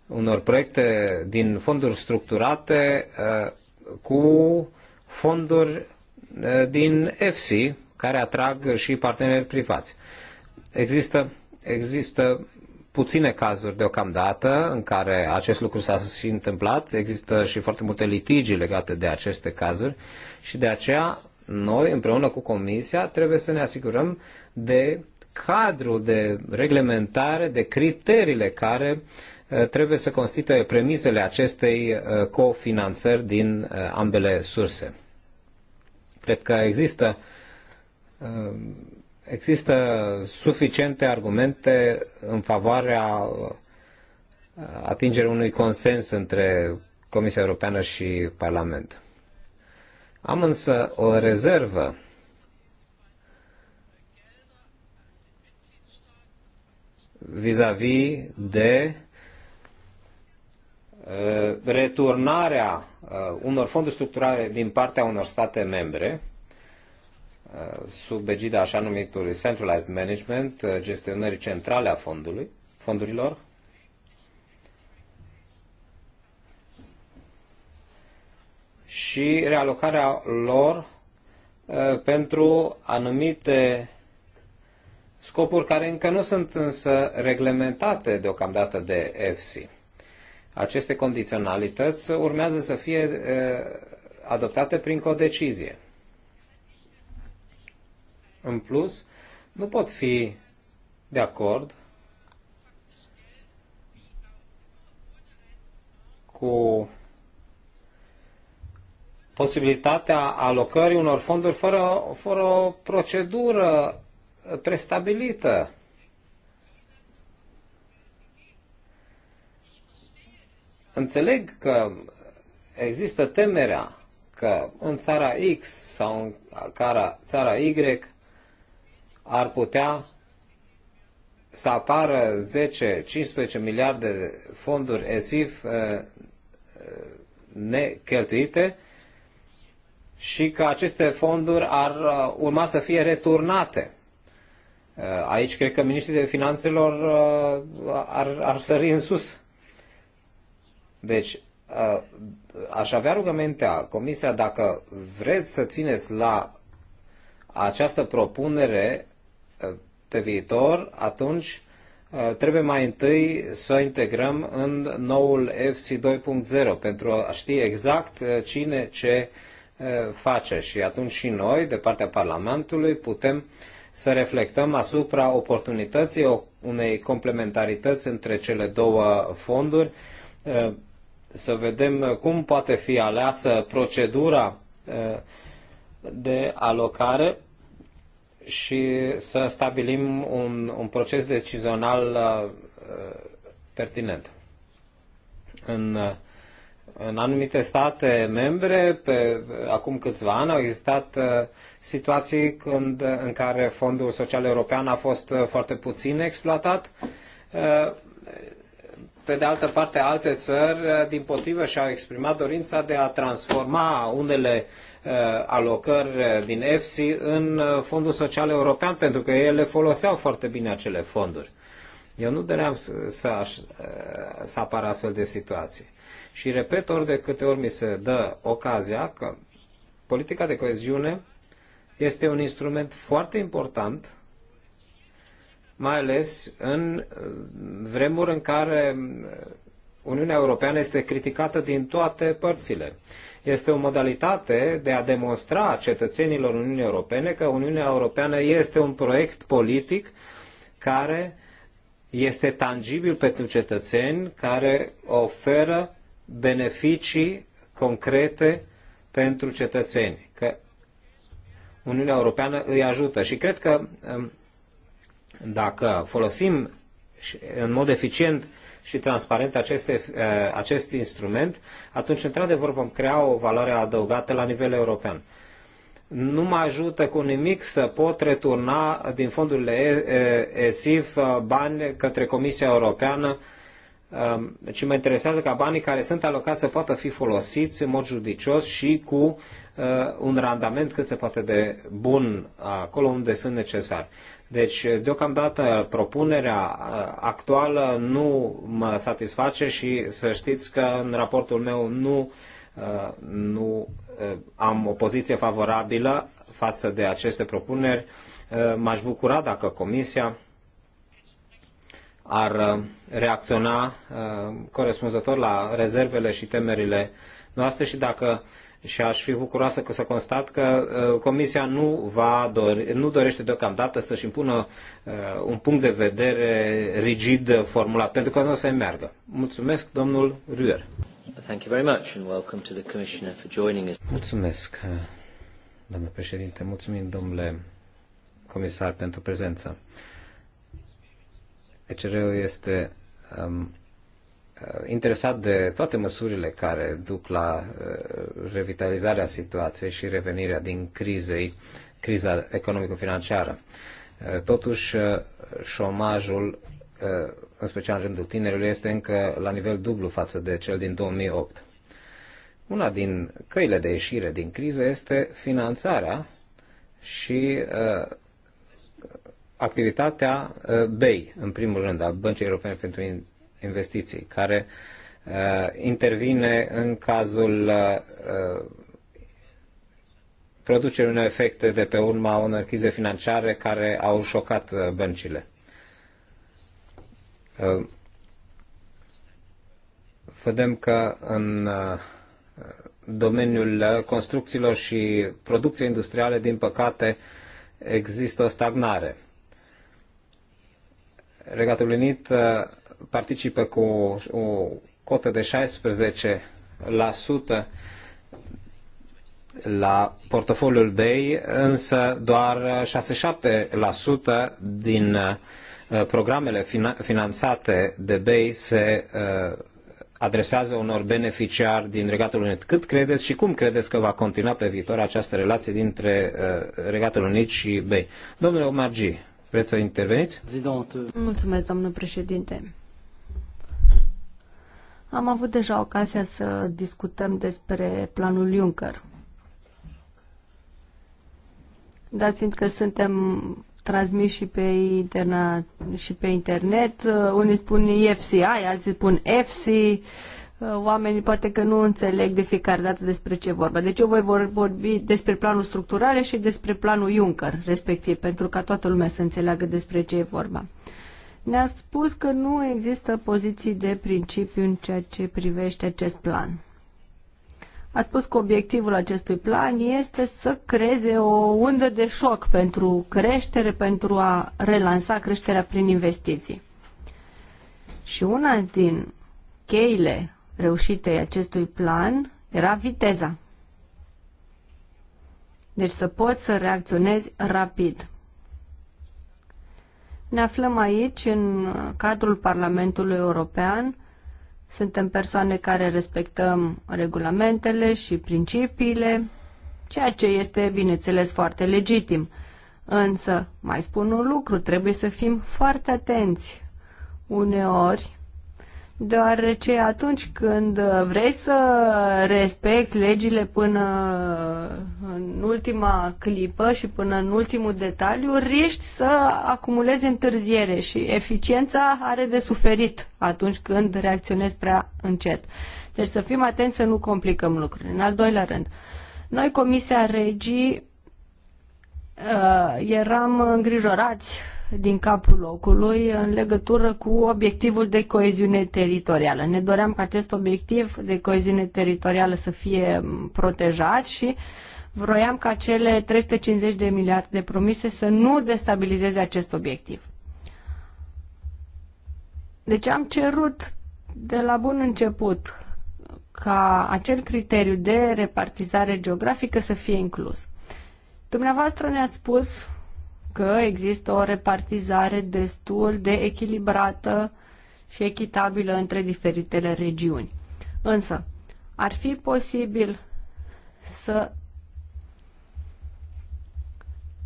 unor proiecte din fonduri structurate uh, cu fonduri din EFSI, care atrag și parteneri privați. Există, există puține cazuri deocamdată în care acest lucru s-a și întâmplat, există și foarte multe litigii legate de aceste cazuri și de aceea noi, împreună cu Comisia, trebuie să ne asigurăm de cadrul de reglementare, de criteriile care uh, trebuie să constituie premisele acestei uh, cofinanțări din uh, ambele surse. Cred că există, există suficiente argumente în favoarea atingerii unui consens între Comisia Europeană și Parlament. Am însă o rezervă vis-a-vis -vis de uh, returnarea uh, unor fonduri structurale din partea unor state membre uh, sub egida așa numitului centralized management, gestionării centrale a fondului, fondurilor, și realocarea lor pentru anumite scopuri care încă nu sunt însă reglementate deocamdată de EFSI. Aceste condiționalități urmează să fie adoptate prin codecizie. În plus, nu pot fi de acord cu posibilitatea alocării unor fonduri fără, fără o procedură prestabilită. Înțeleg că există temerea că în țara X sau în țara Y ar putea să apară 10-15 miliarde de fonduri ESIF uh, uh, necheltuite și că aceste fonduri ar uh, urma să fie returnate. Uh, aici cred că ministrii de finanțelor uh, ar, ar sări în sus. Deci, uh, aș avea rugămintea, Comisia, dacă vreți să țineți la această propunere pe viitor, atunci trebuie mai întâi să o integrăm în noul FC 2.0 pentru a ști exact cine ce face și atunci și noi, de partea Parlamentului, putem uh, să reflectăm asupra oportunității unei complementarități între cele două fonduri, uh, să vedem cum poate fi aleasă procedura uh, de alocare și să stabilim un, un proces decizional uh, pertinent. În în anumite state membre, pe, acum câțiva ani, au existat uh, situații când, în care Fondul Social European a fost uh, foarte puțin exploatat. Uh, pe de altă parte, alte țări, din potrivă, și-au exprimat dorința de a transforma unele alocări din EFSI în Fondul Social European, pentru că ele foloseau foarte bine acele fonduri. Eu nu doream să, să, să apară astfel de situații. Și repet ori de câte ori mi se dă ocazia că politica de coeziune este un instrument foarte important, mai ales în uh, vremuri în care uh, Uniunea Europeană este criticată din toate părțile. Este o modalitate de a demonstra cetățenilor Uniunii Europene că Uniunea Europeană este un proiect politic care este tangibil pentru cetățeni, care oferă beneficii concrete pentru cetățeni, că Uniunea Europeană îi ajută. Și cred că um, dacă folosim în mod eficient și transparent aceste, uh, acest instrument, atunci, într-adevăr, vom crea o valoare adăugată la nivel european. Nu mă ajută cu nimic să pot returna din fondurile ESIF uh, bani către Comisia Europeană Um, ci deci mă interesează ca banii care sunt alocați să poată fi folosiți în mod judicios și cu uh, un randament cât se poate de bun acolo unde sunt necesari. Deci, deocamdată, propunerea uh, actuală nu mă satisface și să știți că în raportul meu nu, uh, nu am o poziție favorabilă față de aceste propuneri. M-aș bucura dacă Comisia ar uh, reacționa uh, corespunzător la rezervele și temerile noastre și dacă și aș fi bucuroasă că să constat că uh, Comisia nu, va dori, nu dorește deocamdată să-și impună un punct de vedere rigid formulat, pentru că nu o să meargă. Mulțumesc, domnul Rüer. Thank you very much and welcome to the Commissioner for joining us. Mulțumesc, domnule președinte. Mulțumim, domnule comisar, pentru prezență. ECR-ul este um, uh, interesat de toate măsurile care duc la uh, revitalizarea situației și revenirea din crizei, criza economico-financiară. Uh, totuși, șomajul, în special în rândul tinerilor, este încă la nivel dublu față de cel din 2008. Una din căile de ieșire din criză este finanțarea și activitatea uh, BEI, în primul rând, a Băncii Europene pentru Investiții, care uh, intervine în cazul uh, producerii unor efecte de pe urma unor crize financiare care au șocat băncile. Vedem că în domeniul construcțiilor și producției industriale, din păcate, există o stagnare. Regatul Unit uh, participă cu o cotă de 16% la portofoliul BEI, însă doar 6-7% din uh, programele finanțate de BEI se uh, adresează unor beneficiari din Regatul Unit. Cât credeți și cum credeți că va continua pe viitor această relație dintre Regatul Unit și BEI? Domnule Omargi, Vreți să interveniți? Mulțumesc, domnul președinte. Am avut deja ocazia să discutăm despre planul Juncker. Dar fiindcă suntem transmiși și pe, interna, și pe internet, unii spun EFCI, alții spun EFSI, Uh, oamenii poate că nu înțeleg de fiecare dată despre ce vorba. Deci eu voi vorbi despre planul structural și despre planul Juncker, respectiv, pentru ca toată lumea să înțeleagă despre ce e vorba. Ne-a spus că nu există poziții de principiu în ceea ce privește acest plan. A spus că obiectivul acestui plan este să creeze o undă de șoc pentru creștere, pentru a relansa creșterea prin investiții. Și una din cheile reușitei acestui plan era viteza. Deci să poți să reacționezi rapid. Ne aflăm aici, în cadrul Parlamentului European. Suntem persoane care respectăm regulamentele și principiile, ceea ce este, bineînțeles, foarte legitim. Însă, mai spun un lucru, trebuie să fim foarte atenți. Uneori, deoarece atunci când vrei să respecti legile până în ultima clipă și până în ultimul detaliu, riști să acumulezi întârziere și eficiența are de suferit atunci când reacționezi prea încet. Deci să fim atenți să nu complicăm lucrurile. În al doilea rând, noi, Comisia Regii, uh, eram îngrijorați din capul locului în legătură cu obiectivul de coeziune teritorială. Ne doream ca acest obiectiv de coeziune teritorială să fie protejat și vroiam ca cele 350 de miliarde de promise să nu destabilizeze acest obiectiv. Deci am cerut de la bun început ca acel criteriu de repartizare geografică să fie inclus. Dumneavoastră ne-ați spus că există o repartizare destul de echilibrată și echitabilă între diferitele regiuni. Însă, ar fi posibil să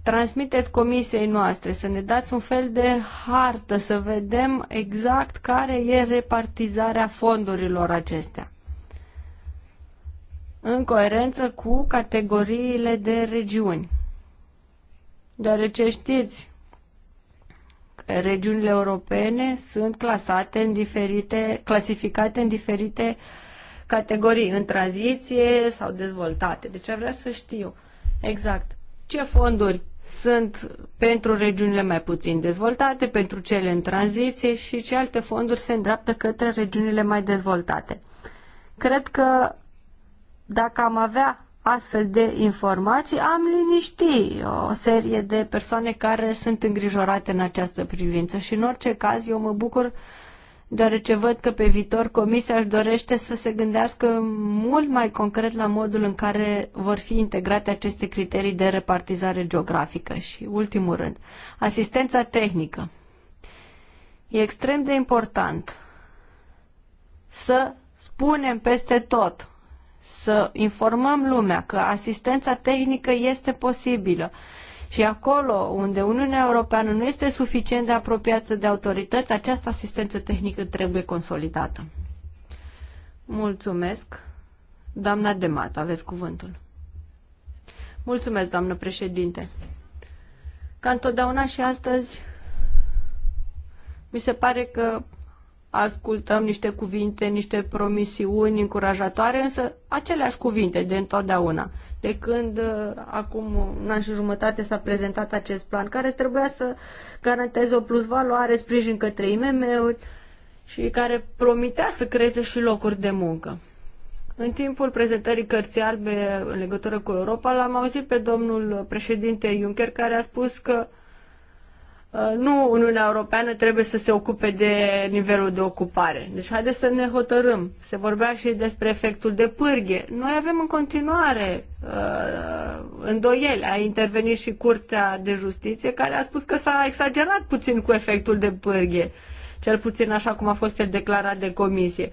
transmiteți comisiei noastre, să ne dați un fel de hartă, să vedem exact care e repartizarea fondurilor acestea. În coerență cu categoriile de regiuni deoarece știți că regiunile europene sunt clasate în diferite, clasificate în diferite categorii, în tranziție sau dezvoltate. Deci vreau să știu exact ce fonduri sunt pentru regiunile mai puțin dezvoltate, pentru cele în tranziție și ce alte fonduri se îndreaptă către regiunile mai dezvoltate. Cred că dacă am avea astfel de informații, am liniști o serie de persoane care sunt îngrijorate în această privință și în orice caz eu mă bucur deoarece văd că pe viitor Comisia își dorește să se gândească mult mai concret la modul în care vor fi integrate aceste criterii de repartizare geografică. Și, ultimul rând, asistența tehnică. E extrem de important să spunem peste tot să informăm lumea că asistența tehnică este posibilă. Și acolo unde Uniunea Europeană nu este suficient de apropiată de autorități, această asistență tehnică trebuie consolidată. Mulțumesc. Doamna Demat, aveți cuvântul. Mulțumesc, doamnă președinte. Ca întotdeauna și astăzi, mi se pare că ascultăm niște cuvinte, niște promisiuni încurajatoare, însă aceleași cuvinte de întotdeauna. De când uh, acum un an și jumătate s-a prezentat acest plan care trebuia să garanteze o plusvaloare, sprijin către IMM-uri și care promitea să creeze și locuri de muncă. În timpul prezentării cărții albe în legătură cu Europa, l-am auzit pe domnul președinte Juncker care a spus că Uh, nu Uniunea Europeană trebuie să se ocupe de nivelul de ocupare. Deci haideți să ne hotărâm. Se vorbea și despre efectul de pârghie. Noi avem în continuare uh, îndoieli. A intervenit și Curtea de Justiție care a spus că s-a exagerat puțin cu efectul de pârghie. Cel puțin așa cum a fost el declarat de comisie. Uh,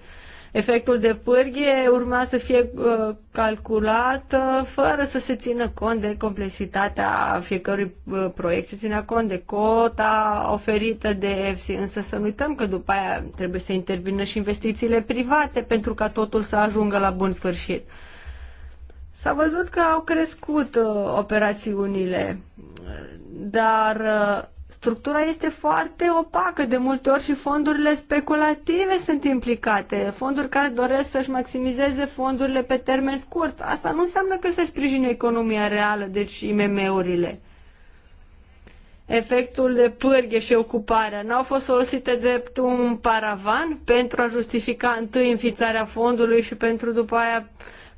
Efectul de pârghie urma să fie uh, calculat uh, fără să se țină cont de complexitatea fiecărui uh, proiect, se țină cont de cota oferită de EFSI, însă să nu uităm că după aia trebuie să intervină și investițiile private pentru ca totul să ajungă la bun sfârșit. S-a văzut că au crescut uh, operațiunile, dar uh, structura este foarte opacă de multe ori și fondurile speculative sunt implicate, fonduri care doresc să-și maximizeze fondurile pe termen scurt. Asta nu înseamnă că se sprijină economia reală, deci IMM-urile. Efectul de pârghe și ocuparea n-au fost folosite drept un paravan pentru a justifica întâi înființarea fondului și pentru după aia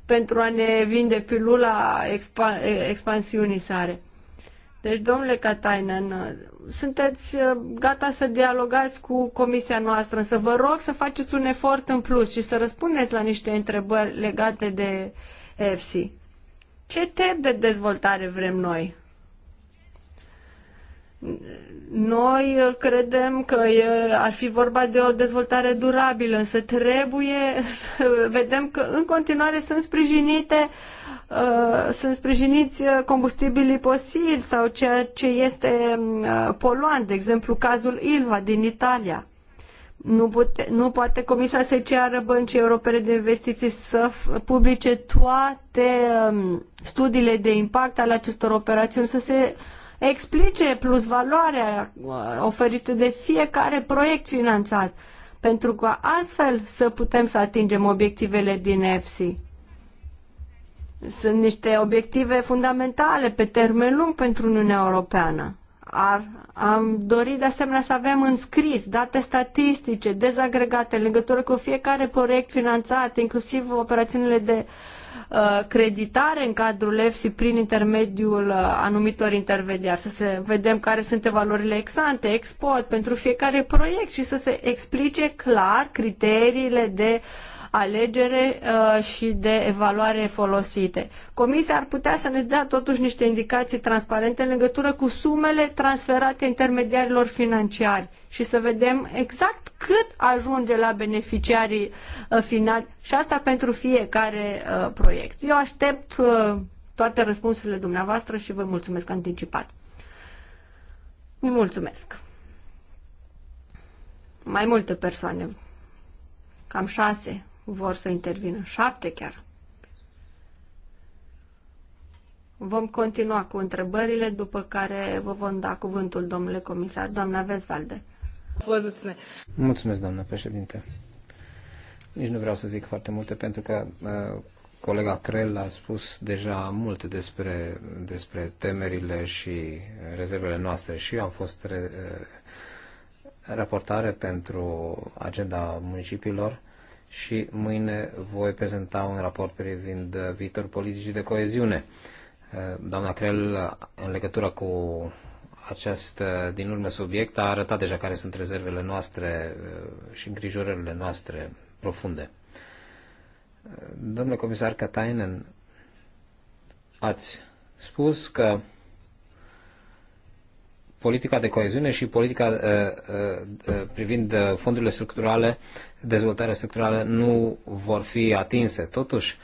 pentru a ne vinde pilula expa- expansiunii sare. Deci, domnule Katainen, sunteți uh, gata să dialogați cu comisia noastră, însă vă rog să faceți un efort în plus și să răspundeți la niște întrebări legate de EFSI. Ce tip de dezvoltare vrem noi? Noi uh, credem că e, ar fi vorba de o dezvoltare durabilă, însă trebuie *laughs* să vedem că în continuare sunt sprijinite uh, Uh, sunt sprijiniți uh, combustibilii fosili sau ceea ce este uh, poluant, de exemplu cazul Ilva din Italia. Nu, pute, nu poate Comisia să ceară băncii europene de investiții să publice toate um, studiile de impact ale acestor operațiuni, să se explice plus valoarea oferită de fiecare proiect finanțat, pentru că astfel să putem să atingem obiectivele din EFSI. Sunt niște obiective fundamentale pe termen lung pentru Uniunea Europeană. Ar, am dorit de asemenea să avem înscris date statistice dezagregate în legătură cu fiecare proiect finanțat, inclusiv operațiunile de uh, creditare în cadrul EFSI prin intermediul uh, anumitor intermediari, să se vedem care sunt valorile exante, export pentru fiecare proiect și să se explice clar criteriile de uh, alegere uh, și de evaluare folosite. Comisia ar putea să ne dea totuși niște indicații transparente în legătură cu sumele transferate intermediarilor financiari și să vedem exact cât ajunge la beneficiarii uh, finali și asta pentru fiecare uh, proiect. Eu aștept toate răspunsurile dumneavoastră și vă mulțumesc anticipat. Mulțumesc. Mai multe persoane, cam șase, vor să intervină, șapte chiar. Vom continua cu întrebările, după care vă vom da cuvântul, domnule comisar. Doamna Vesvalde. Mulțumesc, doamna președinte. Nici nu vreau să zic foarte multe, pentru că uh, colega Crel a spus deja mult despre, despre temerile și rezervele noastre și eu am fost re, uh, raportare pentru agenda municipiilor și mâine voi prezenta un raport privind uh, viitor politicii de coeziune. Uh, doamna Crel, uh, în legătură cu acest din urmă subiect, a arătat deja care sunt rezervele noastre și îngrijorările noastre profunde. Domnule comisar Katainen, ați spus că politica de coeziune și politica uh, uh, uh, privind fondurile structurale, dezvoltarea structurală, nu vor fi atinse. Totuși,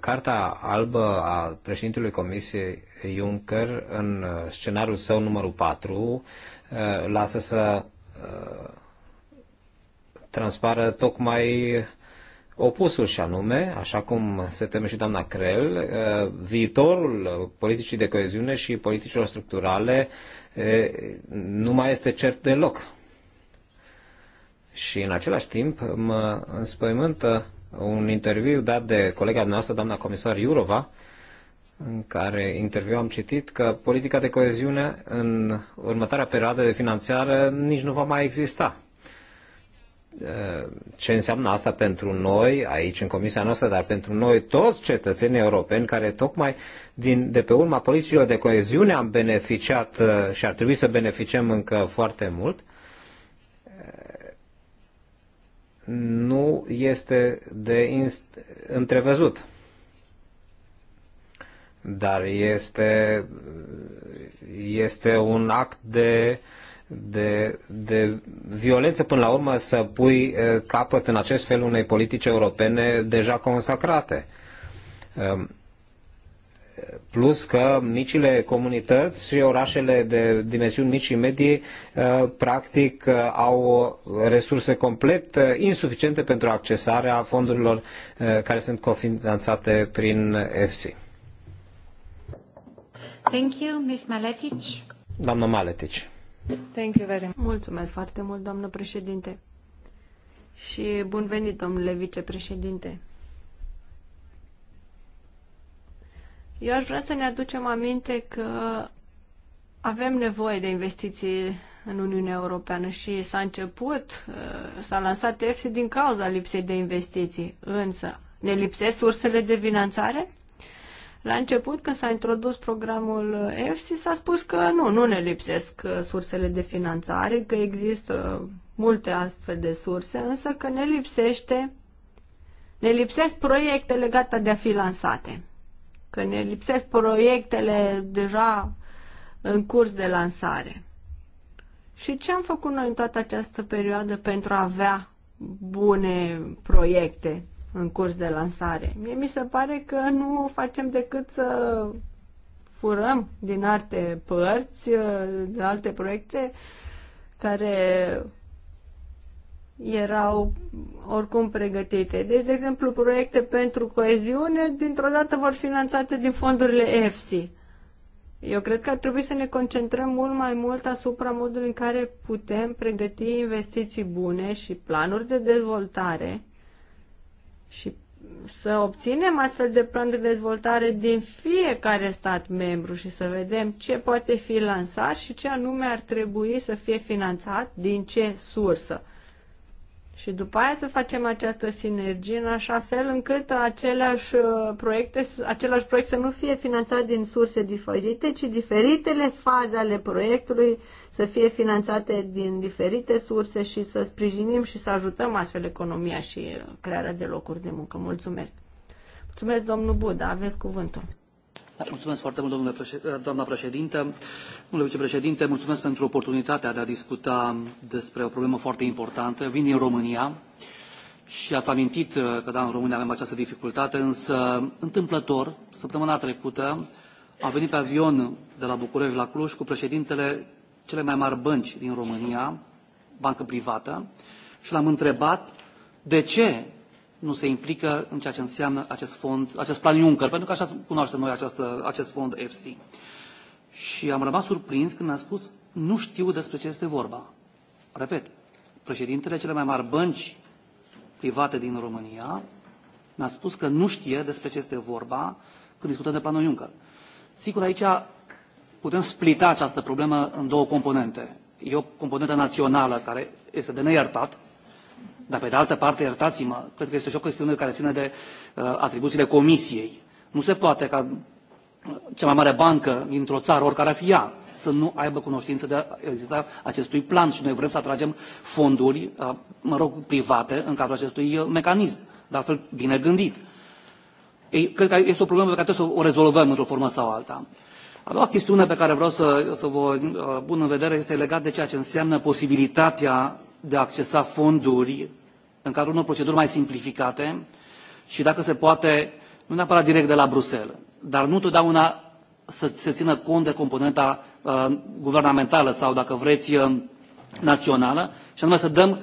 Carta albă a președintelui Comisiei Juncker în scenariul său numărul 4 lasă să transpară tocmai opusul și anume, așa cum se teme și doamna Crel, viitorul politicii de coeziune și politicilor structurale nu mai este cert deloc. Și în același timp mă înspăimântă un interviu dat de colega noastră, doamna comisar Iurova, în care interviu am citit că politica de coeziune în următoarea perioadă de finanțare nici nu va mai exista. Eh, ce înseamnă asta pentru noi aici în comisia noastră, dar pentru noi toți cetățenii europeni care tocmai din, de pe urma politicilor de coeziune am beneficiat eh, și ar trebui să beneficiem încă foarte mult, eh, nu este de întrevăzut. Dar este, este un act de uh, de, de violență până la urmă să pui eh, capăt în acest fel unei politici europene deja consacrate. Ehm, plus că micile comunități și orașele de dimensiuni mici și medii eh, practic eh, au resurse complet insuficiente pentru accesarea fondurilor care sunt cofinanțate prin EFSI. Thank you, Ms. Maletic. Doamna Maletic. Thank you very much. Mulțumesc foarte mult, doamnă președinte. Și bun venit, domnule vicepreședinte. Eu aș vrea să ne aducem aminte că avem nevoie de investiții în Uniunea Europeană și s-a început, uh, s-a lansat EFSI din cauza lipsei de investiții. Însă, ne lipsesc sursele de finanțare? La început, când s-a introdus programul EFSI, s-a spus că nu, nu ne lipsesc uh, sursele de finanțare, că există multe astfel de surse, însă că ne lipsește ne lipsesc proiectele gata de a fi lansate. Că ne lipsesc proiectele deja în curs de lansare. Și ce am făcut noi în toată această perioadă pentru a avea bune proiecte în curs de lansare. Mie mi se pare că nu facem decât să furăm din alte părți, uh, din alte proiecte care erau oricum pregătite. Deci, de exemplu, proiecte pentru coeziune, dintr-o dată vor finanțate din fondurile EFSI. Eu cred că ar trebui să ne concentrăm mult mai mult asupra modului în care putem pregăti investiții bune și planuri de dezvoltare și să obținem astfel de plan de dezvoltare din fiecare stat membru și să vedem ce poate fi lansat și ce anume ar trebui să fie finanțat din ce sursă. Și după aia să facem această sinergie în așa fel încât aceleași uh, proiecte, același proiect să nu fie finanțat din surse diferite, ci diferitele faze ale proiectului să fie finanțate din diferite surse și să sprijinim și să ajutăm astfel economia și uh, crearea de locuri de muncă. Mulțumesc! Mulțumesc, domnul Buda, aveți cuvântul. Da, mulțumesc foarte mult, domnule președ... Uh, doamna președintă. Domnule vicepreședinte, mulțumesc pentru oportunitatea de a discuta despre o problemă foarte importantă. Eu vin din România și ați amintit uh, că, da, în România avem această dificultate, însă, întâmplător, săptămâna trecută, a venit pe avion de la București la Cluj cu președintele cele mai mari bănci din România, bancă privată, și l-am întrebat de ce nu se implică în ceea ce înseamnă acest fond, acest plan Juncker, pentru că așa cunoaștem noi această, acest fond FC. Și am rămas surprins când mi-a spus, nu știu despre ce este vorba. Repet, președintele cele mai mari bănci private din România mi-a spus că nu știe despre ce este vorba când discutăm de planul Juncker. Sigur, aici putem splita această problemă în două componente. E o componentă națională care este de neiertat, dar pe de altă parte, iertați-mă, cred că este și o chestiune care ține de uh, atribuțiile comisiei. Nu se poate ca cea mai mare bancă dintr-o țară, oricare ar fi ea, să nu aibă cunoștință de a exista acestui plan și noi vrem să atragem fonduri, uh, mă rog, private în cadrul acestui uh, mecanism, de altfel bine gândit. Ei, cred că este o problemă pe care trebuie să o rezolvăm într-o formă sau alta. A doua chestiune pe care vreau să, să vă uh, pun în vedere este legată de ceea ce înseamnă posibilitatea de a accesa fonduri în cadrul unor proceduri mai simplificate și, dacă se poate, nu neapărat direct de la Bruxelles, dar nu întotdeauna să se țină cont de componenta uh, guvernamentală sau, dacă vreți, uh, națională, și anume să dăm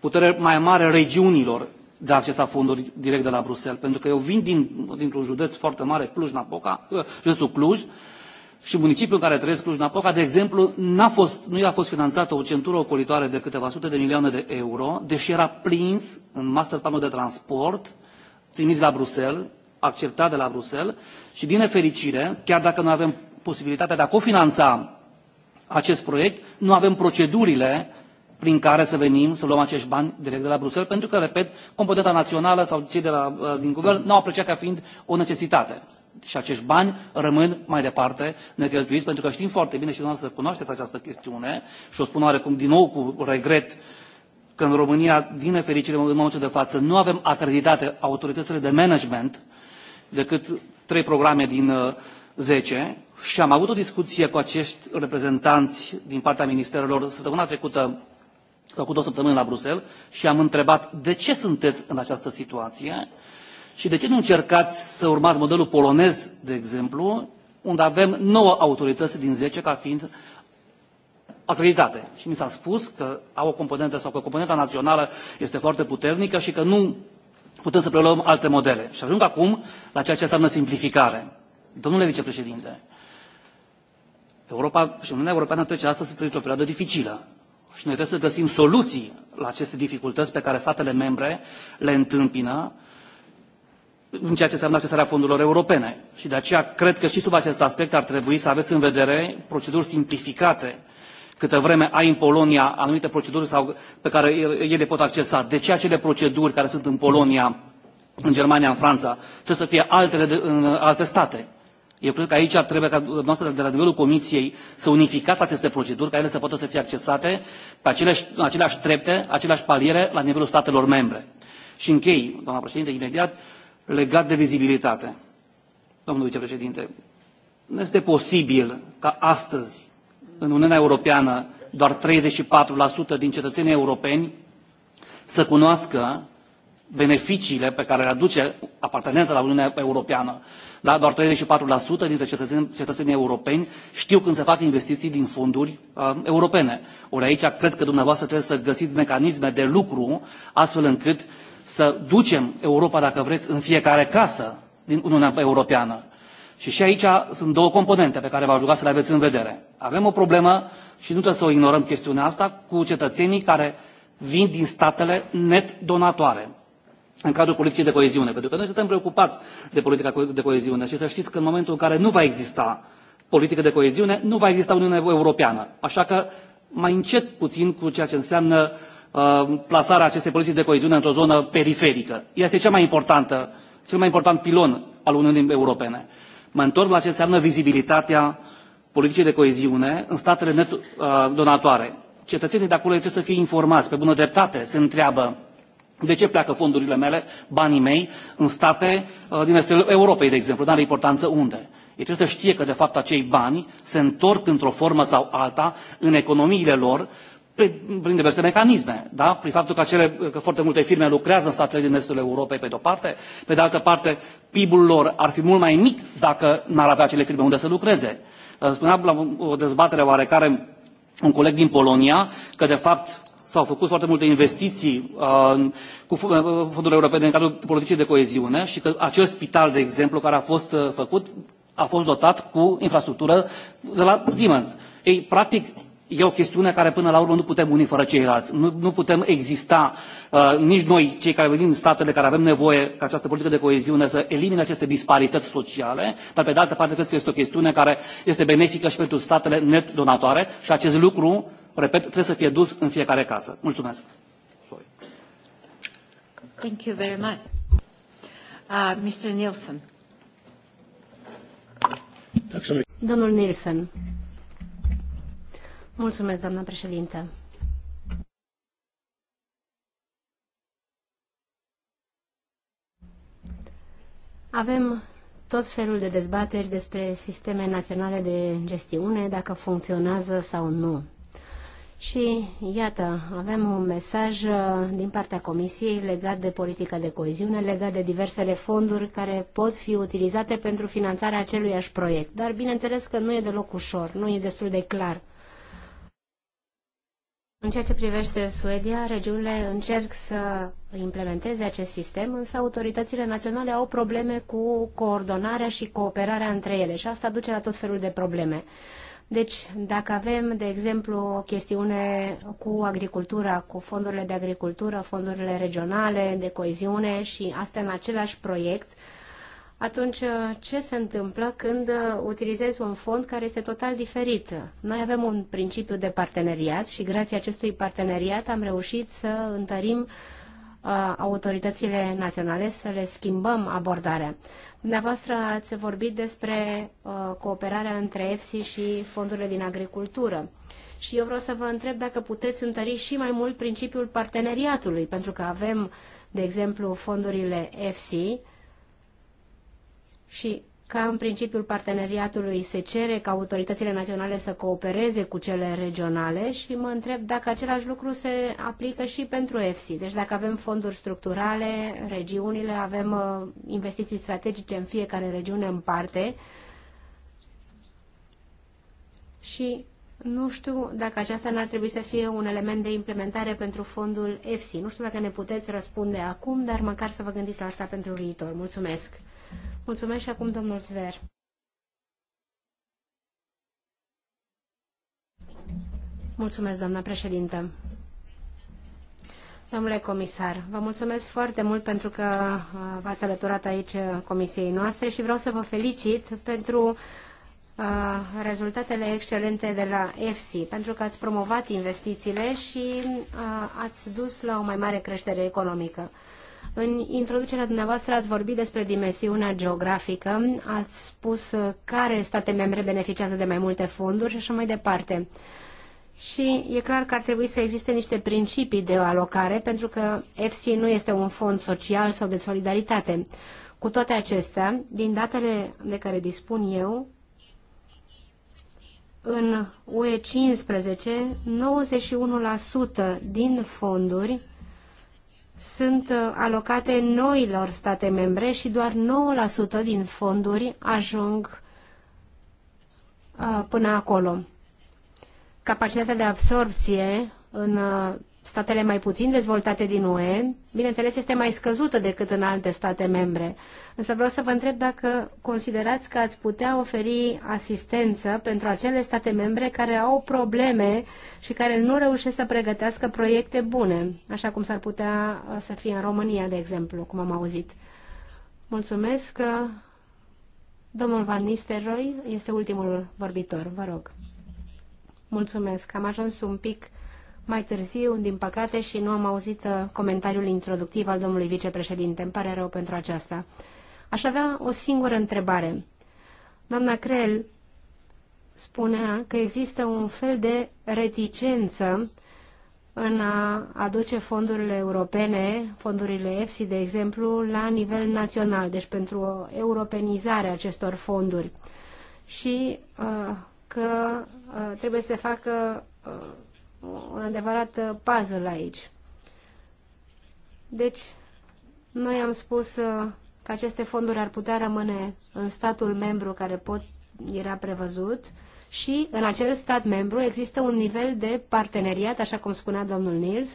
putere mai mare regiunilor de a accesa fonduri direct de la Bruxelles. Pentru că eu vin din, dintr-un județ foarte mare, Cluj-Napoca, uh, județul Cluj, și municipiul în care trăiesc Cluj-Napoca, de exemplu, n-a fost, nu i-a fost finanțată o centură ocolitoare de câteva sute de milioane de euro, deși era prins în masterplanul de transport trimis la Bruxelles, acceptat de la Bruxelles și, din nefericire, chiar dacă nu avem posibilitatea de a cofinanța acest proiect, nu avem procedurile prin care să venim să luăm acești bani direct de la Bruxelles, pentru că, repet, componenta națională sau cei de la, uh, din guvern nu au apreciat ca fiind o necesitate și acești bani rămân mai departe necheltuiți, pentru că știm foarte bine și dumneavoastră cunoașteți această chestiune și o spun oarecum din nou cu regret că în România, din nefericire, în momentul de față, nu avem acreditate autoritățile de management decât trei programe din uh, 10 și am avut o discuție cu acești reprezentanți din partea ministerelor săptămâna trecută sau cu două săptămâni la Bruxelles și am întrebat de ce sunteți în această situație și de ce nu încercați să urmați modelul polonez, de exemplu, unde avem 9 autorități din 10 ca fiind acreditate. Și mi s-a spus că au o componentă sau că componenta națională este foarte puternică și că nu putem să preluăm alte modele. Și ajung acum la ceea ce înseamnă simplificare. Domnule vicepreședinte, Europa și Uniunea Europeană trece astăzi printr-o perioadă dificilă și noi trebuie să găsim soluții la aceste dificultăți pe care statele membre le întâmpină în ceea ce înseamnă accesarea fondurilor europene. Și de aceea cred că și sub acest aspect ar trebui să aveți în vedere proceduri simplificate câtă vreme ai în Polonia anumite proceduri sau pe care ele pot accesa. De ce acele proceduri care sunt în Polonia, în Germania, în Franța, trebuie să fie altele de, în alte state? Eu cred că aici trebuie ca dumneavoastră de la nivelul Comisiei să unificați aceste proceduri, ca ele să poată să fie accesate pe aceleași, aceleași trepte, aceleași paliere la nivelul statelor membre. Și închei, doamna președinte, imediat, legat de vizibilitate. Domnul vicepreședinte, nu este posibil ca astăzi, în Uniunea Europeană, doar 34% din cetățenii europeni să cunoască beneficiile pe care le aduce apartenența la Uniunea Europeană. Da? Doar 34% dintre cetățenii, cetățenii europeni știu când se fac investiții din fonduri uh, europene. Ori aici cred că dumneavoastră trebuie să găsiți mecanisme de lucru astfel încât să ducem Europa, dacă vreți, în fiecare casă din Uniunea Europeană. Și și aici sunt două componente pe care v-aș ruga să le aveți în vedere. Avem o problemă și nu trebuie să o ignorăm chestiunea asta cu cetățenii care vin din statele net donatoare în cadrul politicii de coeziune. Pentru că noi suntem preocupați de politica de coeziune și să știți că în momentul în care nu va exista politică de coeziune, nu va exista Uniunea Europeană. Așa că mai încet puțin cu ceea ce înseamnă Uh, plasarea acestei politici de coeziune într o zonă periferică. Ea este cea mai importantă, cel mai important pilon al Uniunii Europene. Mă întorc la ce înseamnă vizibilitatea politicii de coeziune în statele net uh, donatoare. Cetățenii de acolo trebuie să fie informați, pe bună dreptate, se întreabă de ce pleacă fondurile mele, banii mei, în state uh, din estul Europei, de exemplu, dar are importanță unde. Ei trebuie să știe că, de fapt, acei bani se întorc într-o formă sau alta în economiile lor prin diverse mecanisme, da? prin faptul că, acele, că foarte multe firme lucrează în statele din estul Europei, pe de-o parte, pe de altă parte, PIB-ul lor ar fi mult mai mic dacă n-ar avea acele firme unde să lucreze. Spunea la o dezbatere oarecare un coleg din Polonia că, de fapt, s-au făcut foarte multe investiții uh, cu uh, fondurile europene în cadrul politicii de coeziune și că acel spital, de exemplu, care a fost uh, făcut, a fost dotat cu infrastructură de la Siemens. Ei, practic, e o chestiune care până la urmă nu putem unii fără ceilalți. Nu, nu putem exista uh, nici noi, cei care venim din statele care avem nevoie ca această politică de coeziune să elimine aceste disparități sociale, dar pe de altă parte cred că este o chestiune care este benefică și pentru statele net donatoare și acest lucru, repet, trebuie să fie dus în fiecare casă. Mulțumesc! Sorry. Thank you very much. Uh, Mr. Nielsen. Domnul Nielsen. Mulțumesc, doamna președintă. Avem tot felul de dezbateri despre sisteme naționale de gestiune, dacă funcționează sau nu. Și iată, avem un mesaj uh, din partea Comisiei legat de politica de coeziune, legat de diversele fonduri care pot fi utilizate pentru finanțarea aceluiași proiect. Dar bineînțeles că nu e deloc ușor, nu e destul de clar. În ceea ce privește Suedia, regiunile încerc să implementeze acest sistem, însă autoritățile naționale au probleme cu coordonarea și cooperarea între ele și asta duce la tot felul de probleme. Deci, dacă avem, de exemplu, o chestiune cu agricultura, cu fondurile de agricultură, fondurile regionale, de coeziune și astea în același proiect, atunci uh, ce se întâmplă când uh, utilizezi un fond care este total diferit? Noi avem un principiu de parteneriat și grație acestui parteneriat am reușit să întărim uh, autoritățile naționale să le schimbăm abordarea. Dumneavoastră ați vorbit despre cooperarea între EFSI și fondurile din agricultură. Și eu vreau să vă întreb dacă puteți întări și mai mult principiul parteneriatului, pentru că avem, de exemplu, fondurile EFSI, și ca în principiul parteneriatului se cere ca autoritățile naționale să coopereze cu cele regionale și mă întreb dacă același lucru se aplică și pentru EFSI. Deci dacă avem fonduri structurale, regiunile, avem uh, investiții strategice în fiecare regiune în parte și nu știu dacă aceasta n-ar trebui să fie un element de implementare pentru fondul EFSI. Nu știu dacă ne puteți răspunde acum, dar măcar să vă gândiți la asta pentru viitor. Mulțumesc! Mulțumesc și acum domnul Zver. Mulțumesc, doamna președintă. Domnule comisar, vă mulțumesc foarte mult pentru că uh, v-ați alăturat aici uh, comisiei noastre și vreau să vă felicit pentru uh, rezultatele excelente de la EFSI, pentru că ați promovat investițiile și ați dus la o mai mare creștere economică. În introducerea dumneavoastră ați vorbit despre dimensiunea geografică, ați spus care state membre beneficiază de mai multe fonduri și așa mai departe. Și e clar că ar trebui să existe niște principii de alocare, pentru că EFSI nu este un fond social sau de solidaritate. Cu toate acestea, din datele de care dispun eu, în UE 15, 91% din fonduri sunt uh, alocate noilor state membre și doar 9% din fonduri ajung uh, până acolo. Capacitatea de absorpție în uh, statele mai puțin dezvoltate din UE, bineînțeles, este mai scăzută decât în alte state membre. Însă vreau să vă întreb dacă considerați că ați putea oferi asistență pentru acele state membre care au probleme și care nu reușesc să pregătească proiecte bune, așa cum s-ar putea uh, să fie în România, de exemplu, cum am auzit. Mulțumesc. Uh, domnul Van Nistelrooy este ultimul vorbitor. Vă rog. Mulțumesc. Am ajuns un pic mai târziu, din păcate, și nu am auzit uh, comentariul introductiv al domnului vicepreședinte. Îmi pare rău pentru aceasta. Aș avea o singură întrebare. Doamna Crel spunea că există un fel de reticență în a aduce fondurile europene, fondurile EFSI, de exemplu, la nivel național, deci pentru europenizarea acestor fonduri. Și uh, că uh, trebuie să facă uh, un adevărat uh, puzzle aici. Deci, noi am spus uh, că aceste fonduri ar putea rămâne în statul membru care pot, era prevăzut și în acel stat membru există un nivel de parteneriat, așa cum spunea domnul Nils,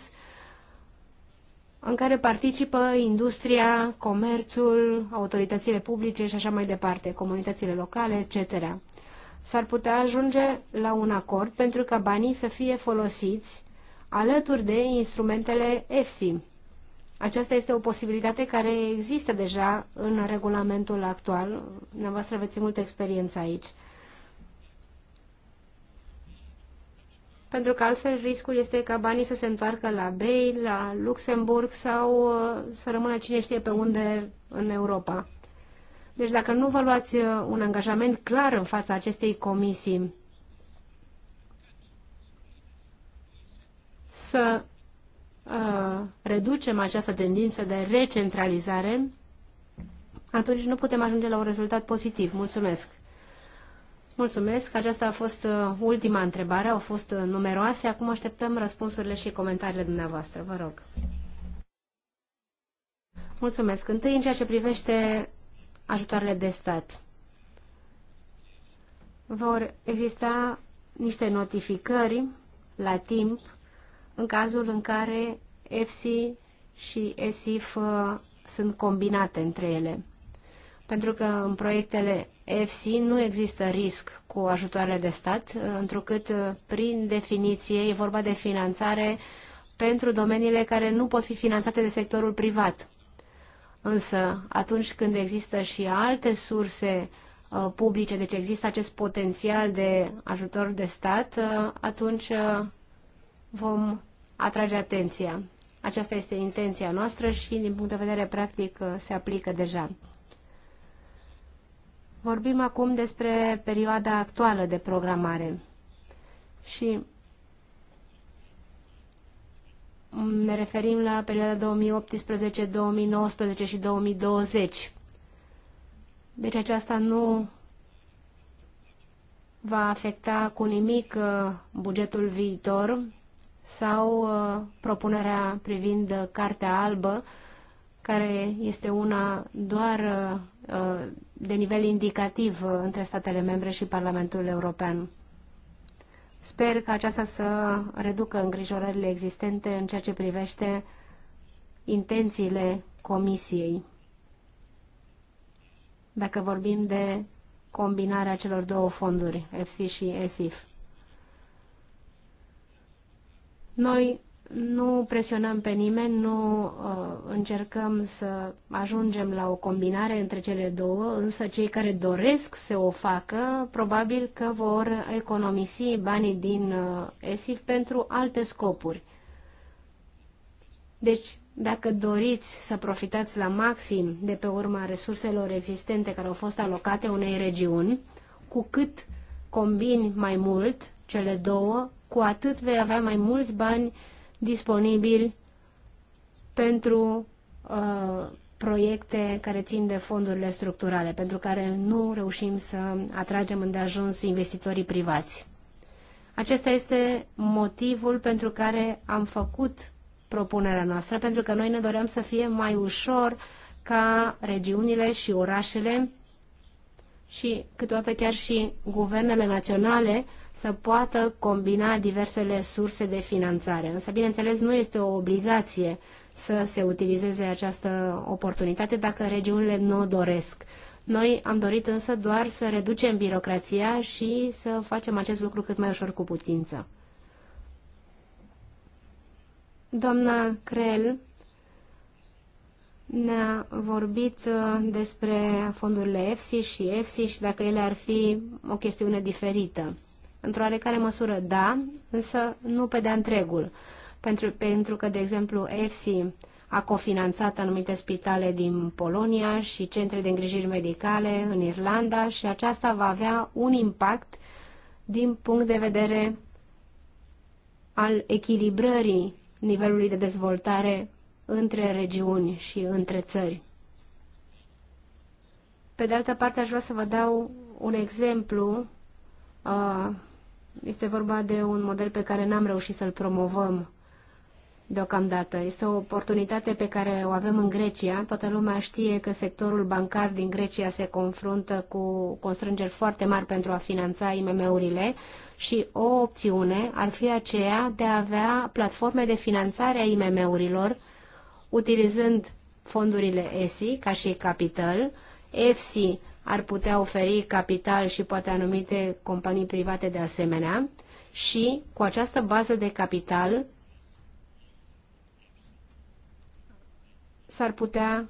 în care participă industria, comerțul, autoritățile publice și așa mai departe, comunitățile locale, etc s-ar putea ajunge la un acord pentru ca banii să fie folosiți alături de instrumentele EFSI. Aceasta este o posibilitate care există deja în regulamentul actual. Dumneavoastră aveți multă experiență aici. Pentru că altfel riscul este ca banii să se întoarcă la BEI, la Luxemburg sau uh, să rămână cine știe pe unde în Europa. Deci dacă nu vă luați uh, un angajament clar în fața acestei comisii să uh, reducem această tendință de recentralizare, atunci nu putem ajunge la un rezultat pozitiv. Mulțumesc! Mulțumesc! Aceasta a fost uh, ultima întrebare, au fost uh, numeroase. Acum așteptăm răspunsurile și comentariile dumneavoastră. Vă rog! Mulțumesc! Întâi, în ceea ce privește ajutoarele de stat. Vor exista niște notificări la timp în cazul în care EFSI și ESIF uh, sunt combinate între ele. Pentru că în proiectele EFSI nu există risc cu ajutoarele de stat, uh, întrucât uh, prin definiție e vorba de finanțare pentru domeniile care nu pot fi finanțate de sectorul privat. Însă, atunci când există și alte surse uh, publice, deci există acest potențial de ajutor de stat, uh, atunci uh, vom atrage atenția. Aceasta este intenția noastră și, din punct de vedere practic, uh, se aplică deja. Vorbim acum despre perioada actuală de programare. Și ne referim la perioada 2018, 2019 și 2020. Deci aceasta nu va afecta cu nimic uh, bugetul viitor sau uh, propunerea privind Cartea Albă, care este una doar uh, de nivel indicativ între statele membre și Parlamentul European. Sper că aceasta să reducă îngrijorările existente în ceea ce privește intențiile Comisiei. Dacă vorbim de combinarea celor două fonduri, FC și ESIF. Noi nu presionăm pe nimeni, nu uh, încercăm să ajungem la o combinare între cele două, însă cei care doresc să o facă, probabil că vor economisi banii din uh, ESIF pentru alte scopuri. Deci, dacă doriți să profitați la maxim de pe urma resurselor existente care au fost alocate unei regiuni, cu cât combini mai mult cele două, cu atât vei avea mai mulți bani uh, disponibil pentru uh, proiecte care țin de fondurile structurale, pentru care nu reușim să atragem îndeajuns investitorii privați. Acesta este motivul pentru care am făcut propunerea noastră, pentru că noi ne doream să fie mai ușor ca regiunile și orașele și câteodată chiar și guvernele naționale să poată combina diversele surse de finanțare. Însă, bineînțeles, nu este o obligație să se utilizeze această oportunitate dacă regiunile nu o doresc. Noi am dorit însă doar să reducem birocrația și să facem acest lucru cât mai ușor cu putință. Doamna Crel ne-a vorbit uh, despre fondurile EFSI și EFSI și dacă ele ar fi o chestiune diferită. Într-o oarecare măsură, da, însă nu pe de-a întregul. Pentru, pentru că, de exemplu, EFSI a cofinanțat anumite spitale din Polonia și centre de îngrijiri medicale în Irlanda și aceasta va avea un impact din punct de vedere al echilibrării nivelului de dezvoltare între regiuni și între țări. Pe de altă parte, aș vrea să vă dau un exemplu. Este vorba de un model pe care n-am reușit să-l promovăm deocamdată. Este o oportunitate pe care o avem în Grecia. Toată lumea știe că sectorul bancar din Grecia se confruntă cu constrângeri foarte mari pentru a finanța IMM-urile și o opțiune ar fi aceea de a avea platforme de finanțare a IMM-urilor utilizând fondurile ESI ca și capital, EFSI ar putea oferi capital și poate anumite companii private de asemenea și cu această bază de capital s-ar putea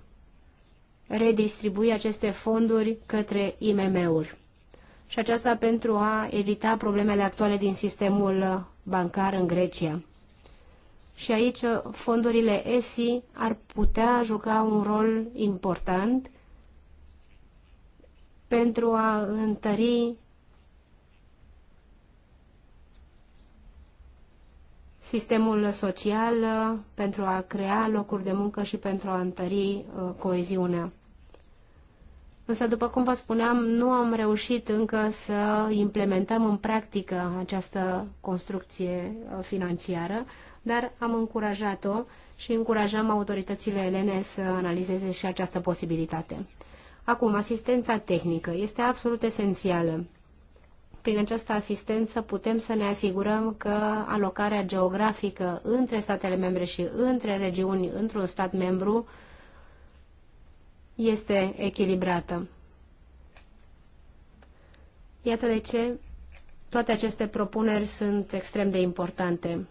redistribui aceste fonduri către IMM-uri. Și aceasta pentru a evita problemele actuale din sistemul bancar în Grecia. Și aici uh, fondurile ESI ar putea juca un rol important pentru a întări sistemul social, uh, pentru a crea locuri de muncă și pentru a întări uh, coeziunea. Însă, după cum vă spuneam, nu am reușit încă să implementăm în practică această construcție financiară, dar am încurajat-o și încurajăm autoritățile elene să analizeze și această posibilitate. Acum, asistența tehnică este absolut esențială. Prin această asistență putem să ne asigurăm că alocarea geografică între statele membre și între regiuni într-un stat membru este echilibrată. Iată de ce toate aceste propuneri sunt extrem de importante.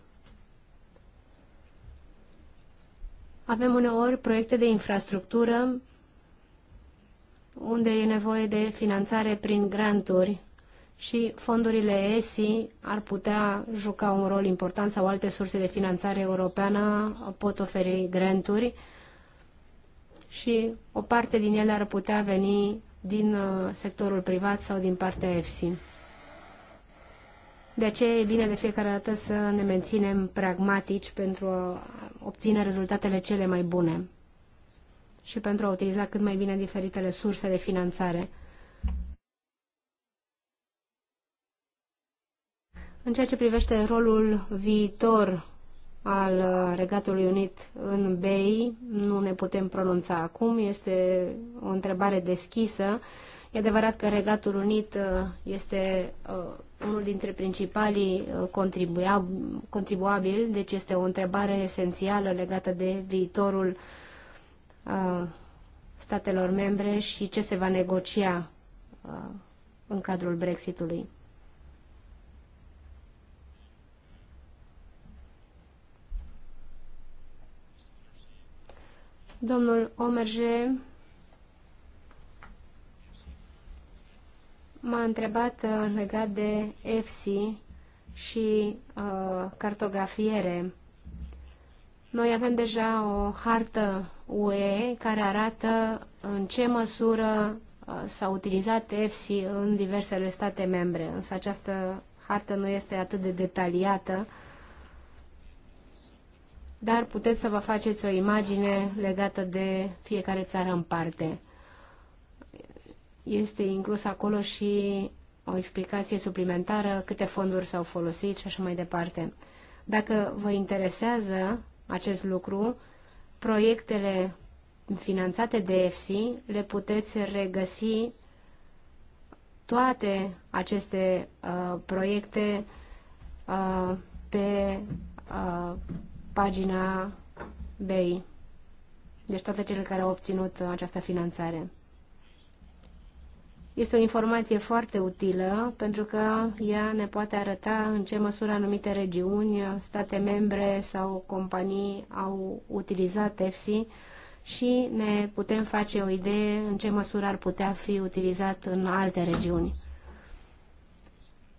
Avem uneori proiecte de infrastructură unde e nevoie de finanțare prin granturi și fondurile ESI ar putea juca un rol important sau alte surse de finanțare europeană pot oferi granturi și o parte din ele ar putea veni din uh, sectorul privat sau din partea EFSI. De aceea e bine de fiecare dată să ne menținem pragmatici pentru a obține rezultatele cele mai bune și pentru a utiliza cât mai bine diferitele surse de finanțare. În ceea ce privește rolul viitor al Regatului Unit în BEI, nu ne putem pronunța acum, este o întrebare deschisă. E adevărat că Regatul Unit uh, este uh, unul dintre principalii uh, contribuabili, deci este o întrebare esențială legată de viitorul uh, statelor membre și ce se va negocia uh, în cadrul Brexitului. Domnul Omerje m-a întrebat uh, legat de EFSI și uh, cartografiere. Noi avem deja o hartă UE care arată în ce măsură uh, s-a utilizat EFSI în diversele state membre, însă această hartă nu este atât de detaliată, dar puteți să vă faceți o imagine legată de fiecare țară în parte este inclus acolo și o explicație suplimentară, câte fonduri s-au folosit și așa mai departe. Dacă vă interesează acest lucru, proiectele finanțate de EFSI le puteți regăsi toate aceste uh, proiecte uh, pe uh, pagina BEI. Deci toate cele care au obținut această finanțare. Este o informație foarte utilă pentru că ea ne poate arăta în ce măsură anumite regiuni, state membre sau companii au utilizat EFSI și ne putem face o idee în ce măsură ar putea fi utilizat în alte regiuni.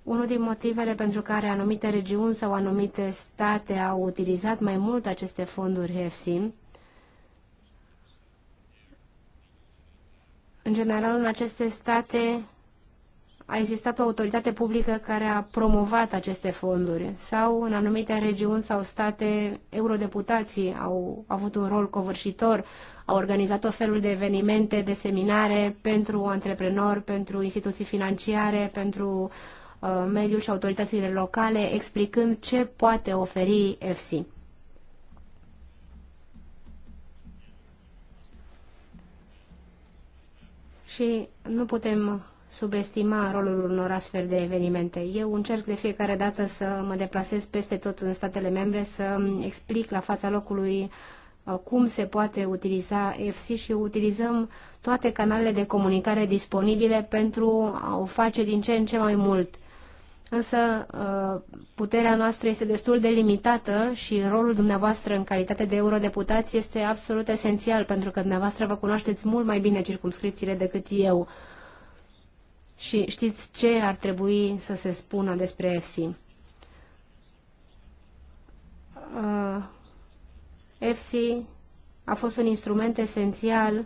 Unul din motivele pentru care anumite regiuni sau anumite state au utilizat mai mult aceste fonduri EFSI În general, în aceste state a existat o autoritate publică care a promovat aceste fonduri sau în anumite regiuni sau state eurodeputații au avut un rol covârșitor, au organizat tot felul de evenimente, de seminare pentru antreprenori, pentru instituții financiare, pentru uh, mediul și autoritățile locale, explicând ce poate oferi EFSI. și nu putem subestima rolul unor astfel de evenimente. Eu încerc de fiecare dată să mă deplasez peste tot în statele membre, să explic la fața locului uh, cum se poate utiliza FC și utilizăm toate canalele de comunicare disponibile pentru a o face din ce în ce mai mult însă uh, puterea noastră este destul de limitată și rolul dumneavoastră în calitate de eurodeputați este absolut esențial, pentru că dumneavoastră vă cunoașteți mult mai bine circumscripțiile decât eu. Și știți ce ar trebui să se spună despre EFSI? EFSI uh, a fost un instrument esențial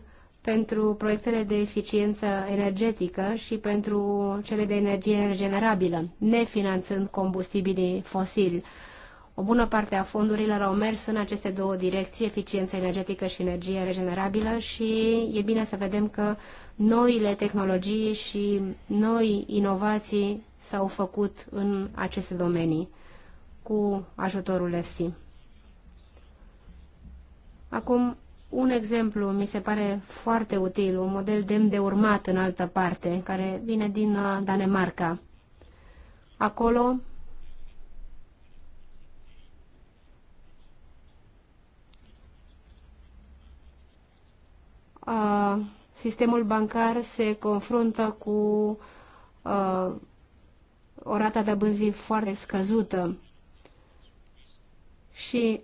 pentru proiectele de eficiență energetică și pentru cele de energie regenerabilă, nefinanțând combustibilii fosili. O bună parte a fondurilor au mers în aceste două direcții, eficiență energetică și energie regenerabilă și e bine să vedem că noile tehnologii și noi inovații s-au făcut în aceste domenii cu ajutorul EFSI. Acum un exemplu mi se pare foarte util, un model demn de urmat în altă parte, care vine din uh, Danemarca. Acolo Uh, sistemul bancar se confruntă cu uh, o rată de bânzii foarte scăzută și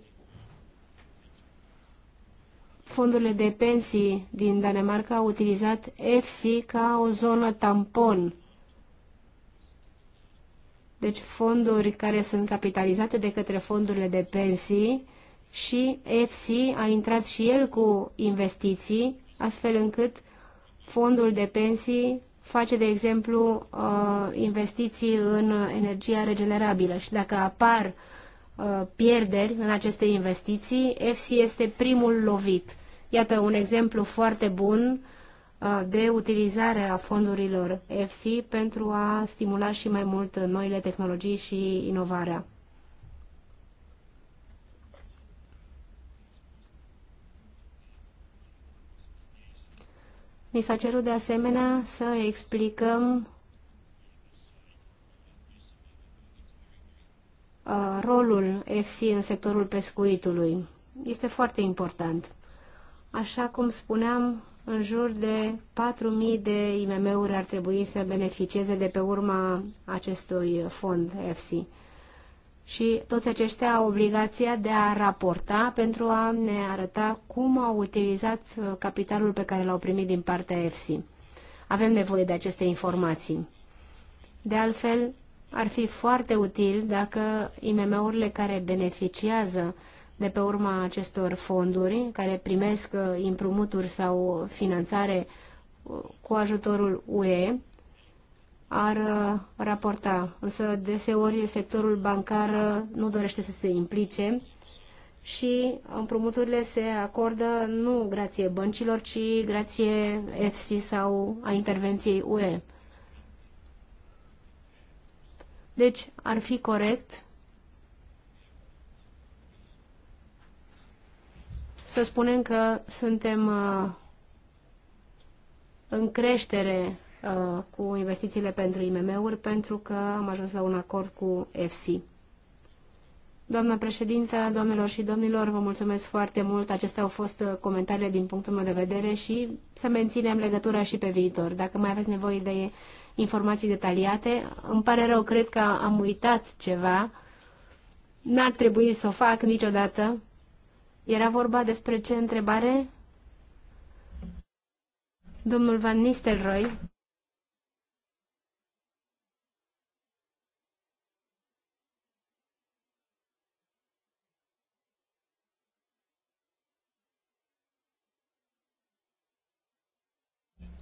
fondurile de pensii din Danemarca au utilizat EFSI ca o zonă tampon. Deci fonduri care sunt capitalizate de către fondurile de pensii și EFSI a intrat și el cu investiții, astfel încât fondul de pensii face, de exemplu, uh, investiții în energia regenerabilă și dacă apar uh, Uh, pierderi în aceste investiții, EFSI este primul lovit. Iată un exemplu foarte bun uh, de utilizare a fondurilor EFSI pentru a stimula și mai mult noile tehnologii și inovarea. Ni s-a cerut de asemenea să explicăm Uh, rolul FC în sectorul pescuitului. Este foarte important. Așa cum spuneam, în jur de 4.000 de IMM-uri ar trebui să beneficieze de pe urma acestui fond FC. Și toți aceștia au obligația de a raporta pentru a ne arăta cum au utilizat uh, capitalul pe care l-au primit din partea FC. Avem nevoie de aceste informații. De altfel, ar fi foarte util dacă IMM-urile care beneficiază de pe urma acestor fonduri, care primesc uh, împrumuturi sau finanțare uh, cu ajutorul UE, ar uh, raporta. Însă deseori sectorul bancar nu dorește să se implice și împrumuturile se acordă nu grație băncilor, ci grație EFSI sau a intervenției UE. Deci ar fi corect să spunem că suntem uh, în creștere uh, cu investițiile pentru IMM-uri pentru că am ajuns la un acord cu FC. Doamna președintă, doamnelor și domnilor, vă mulțumesc foarte mult. Acestea au fost uh, comentariile din punctul meu de vedere și să menținem legătura și pe viitor. Dacă mai aveți nevoie de informații detaliate, îmi pare rău, cred că am uitat ceva. N-ar trebui să o fac niciodată. Era vorba despre ce întrebare? Domnul Van Nistelrooy.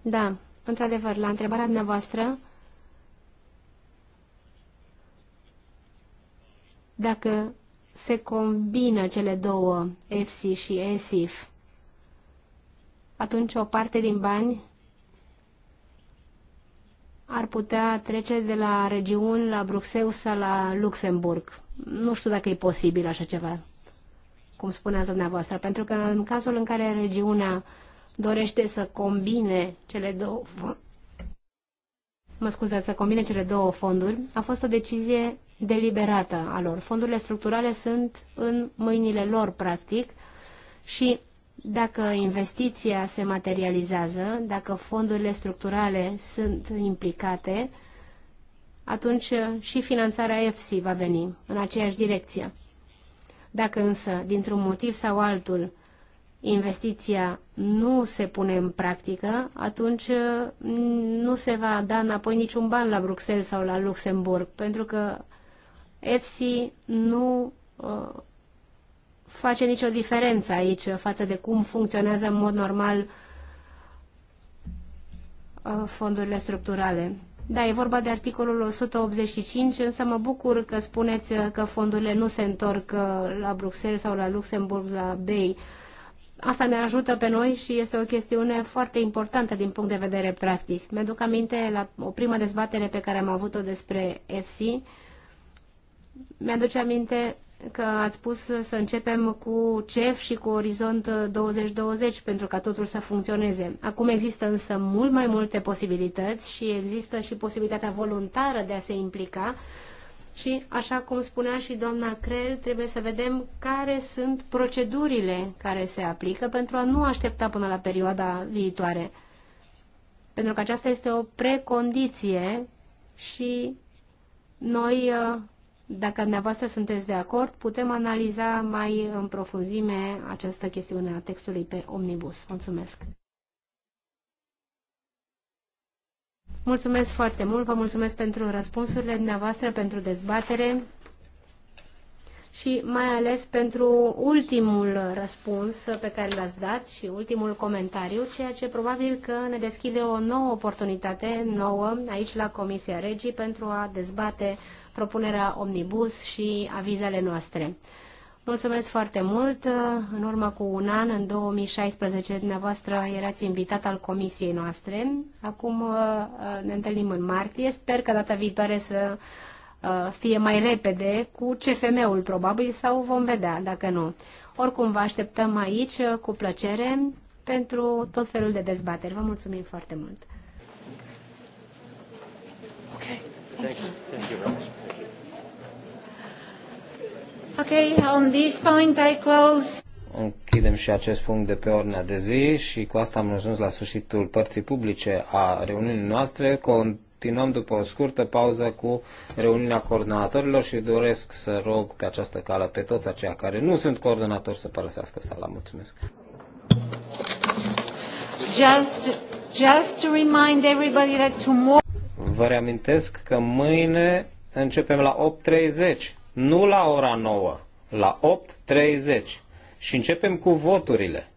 Da, într-adevăr, la întrebarea dumneavoastră, dacă se combină cele două, EFSI și ESIF, atunci o parte din bani ar putea trece de la regiuni la Bruxelles sau la Luxemburg. Nu știu dacă e posibil așa ceva, cum spuneați dumneavoastră, pentru că în cazul în care regiunea dorește să combine cele două mă scuze, să combine cele două fonduri, a fost o decizie deliberată a lor. Fondurile structurale sunt în mâinile lor, practic, și dacă investiția se materializează, dacă fondurile structurale sunt implicate, atunci și finanțarea EFSI va veni în aceeași direcție. Dacă însă, dintr-un motiv sau altul, investiția nu se pune în practică, atunci uh, nu se va da înapoi niciun ban la Bruxelles sau la Luxemburg, pentru că EFSI nu uh, face nicio diferență aici față de cum funcționează în mod normal uh, fondurile structurale. Da, e vorba de articolul 185, însă mă bucur că spuneți că fondurile nu se întorc uh, la Bruxelles sau la Luxemburg, la BEI. Uh, Asta ne ajută pe noi și este o chestiune foarte importantă din punct de vedere practic. Mi-aduc aminte la o primă dezbatere pe care am avut-o despre FC. Mi-aduce aminte că ați spus să începem cu CEF și cu Orizont 2020 pentru ca totul să funcționeze. Acum există însă mult mai multe posibilități și există și posibilitatea voluntară de a se implica și, așa cum spunea și doamna Crel, trebuie să vedem care sunt procedurile care se aplică pentru a nu aștepta până la perioada viitoare. Pentru că aceasta este o precondiție și noi, dacă dumneavoastră sunteți de acord, putem analiza mai în profunzime această chestiune a textului pe omnibus. Mulțumesc! Mulțumesc foarte mult, vă mulțumesc pentru răspunsurile dumneavoastră, pentru dezbatere și mai ales pentru ultimul răspuns pe care l-ați dat și ultimul comentariu, ceea ce probabil că ne deschide o nouă oportunitate nouă aici la Comisia Regii pentru a dezbate propunerea Omnibus și avizele noastre. Mulțumesc foarte mult. În urmă cu un an, în 2016, dumneavoastră erați invitat al comisiei noastre. Acum uh, ne întâlnim în martie. Sper că data viitoare să uh, fie mai repede cu CFM-ul probabil sau vom vedea dacă nu. Oricum vă așteptăm aici uh, cu plăcere pentru tot felul de dezbateri. Vă mulțumim foarte mult. Okay. Thank you. Thank you very much. Ok, on this point I close. Închidem și acest punct de pe ordinea de zi și cu asta am ajuns la sfârșitul părții publice a reuniunii noastre. Continuăm după o scurtă pauză cu reuniunea coordonatorilor și doresc să rog pe această cale pe toți aceia care nu sunt coordonatori să părăsească sala. Mulțumesc! Just, just to remind everybody that tomorrow... Vă reamintesc că mâine începem la 8.30 nu la ora 9, la 8.30 și începem cu voturile.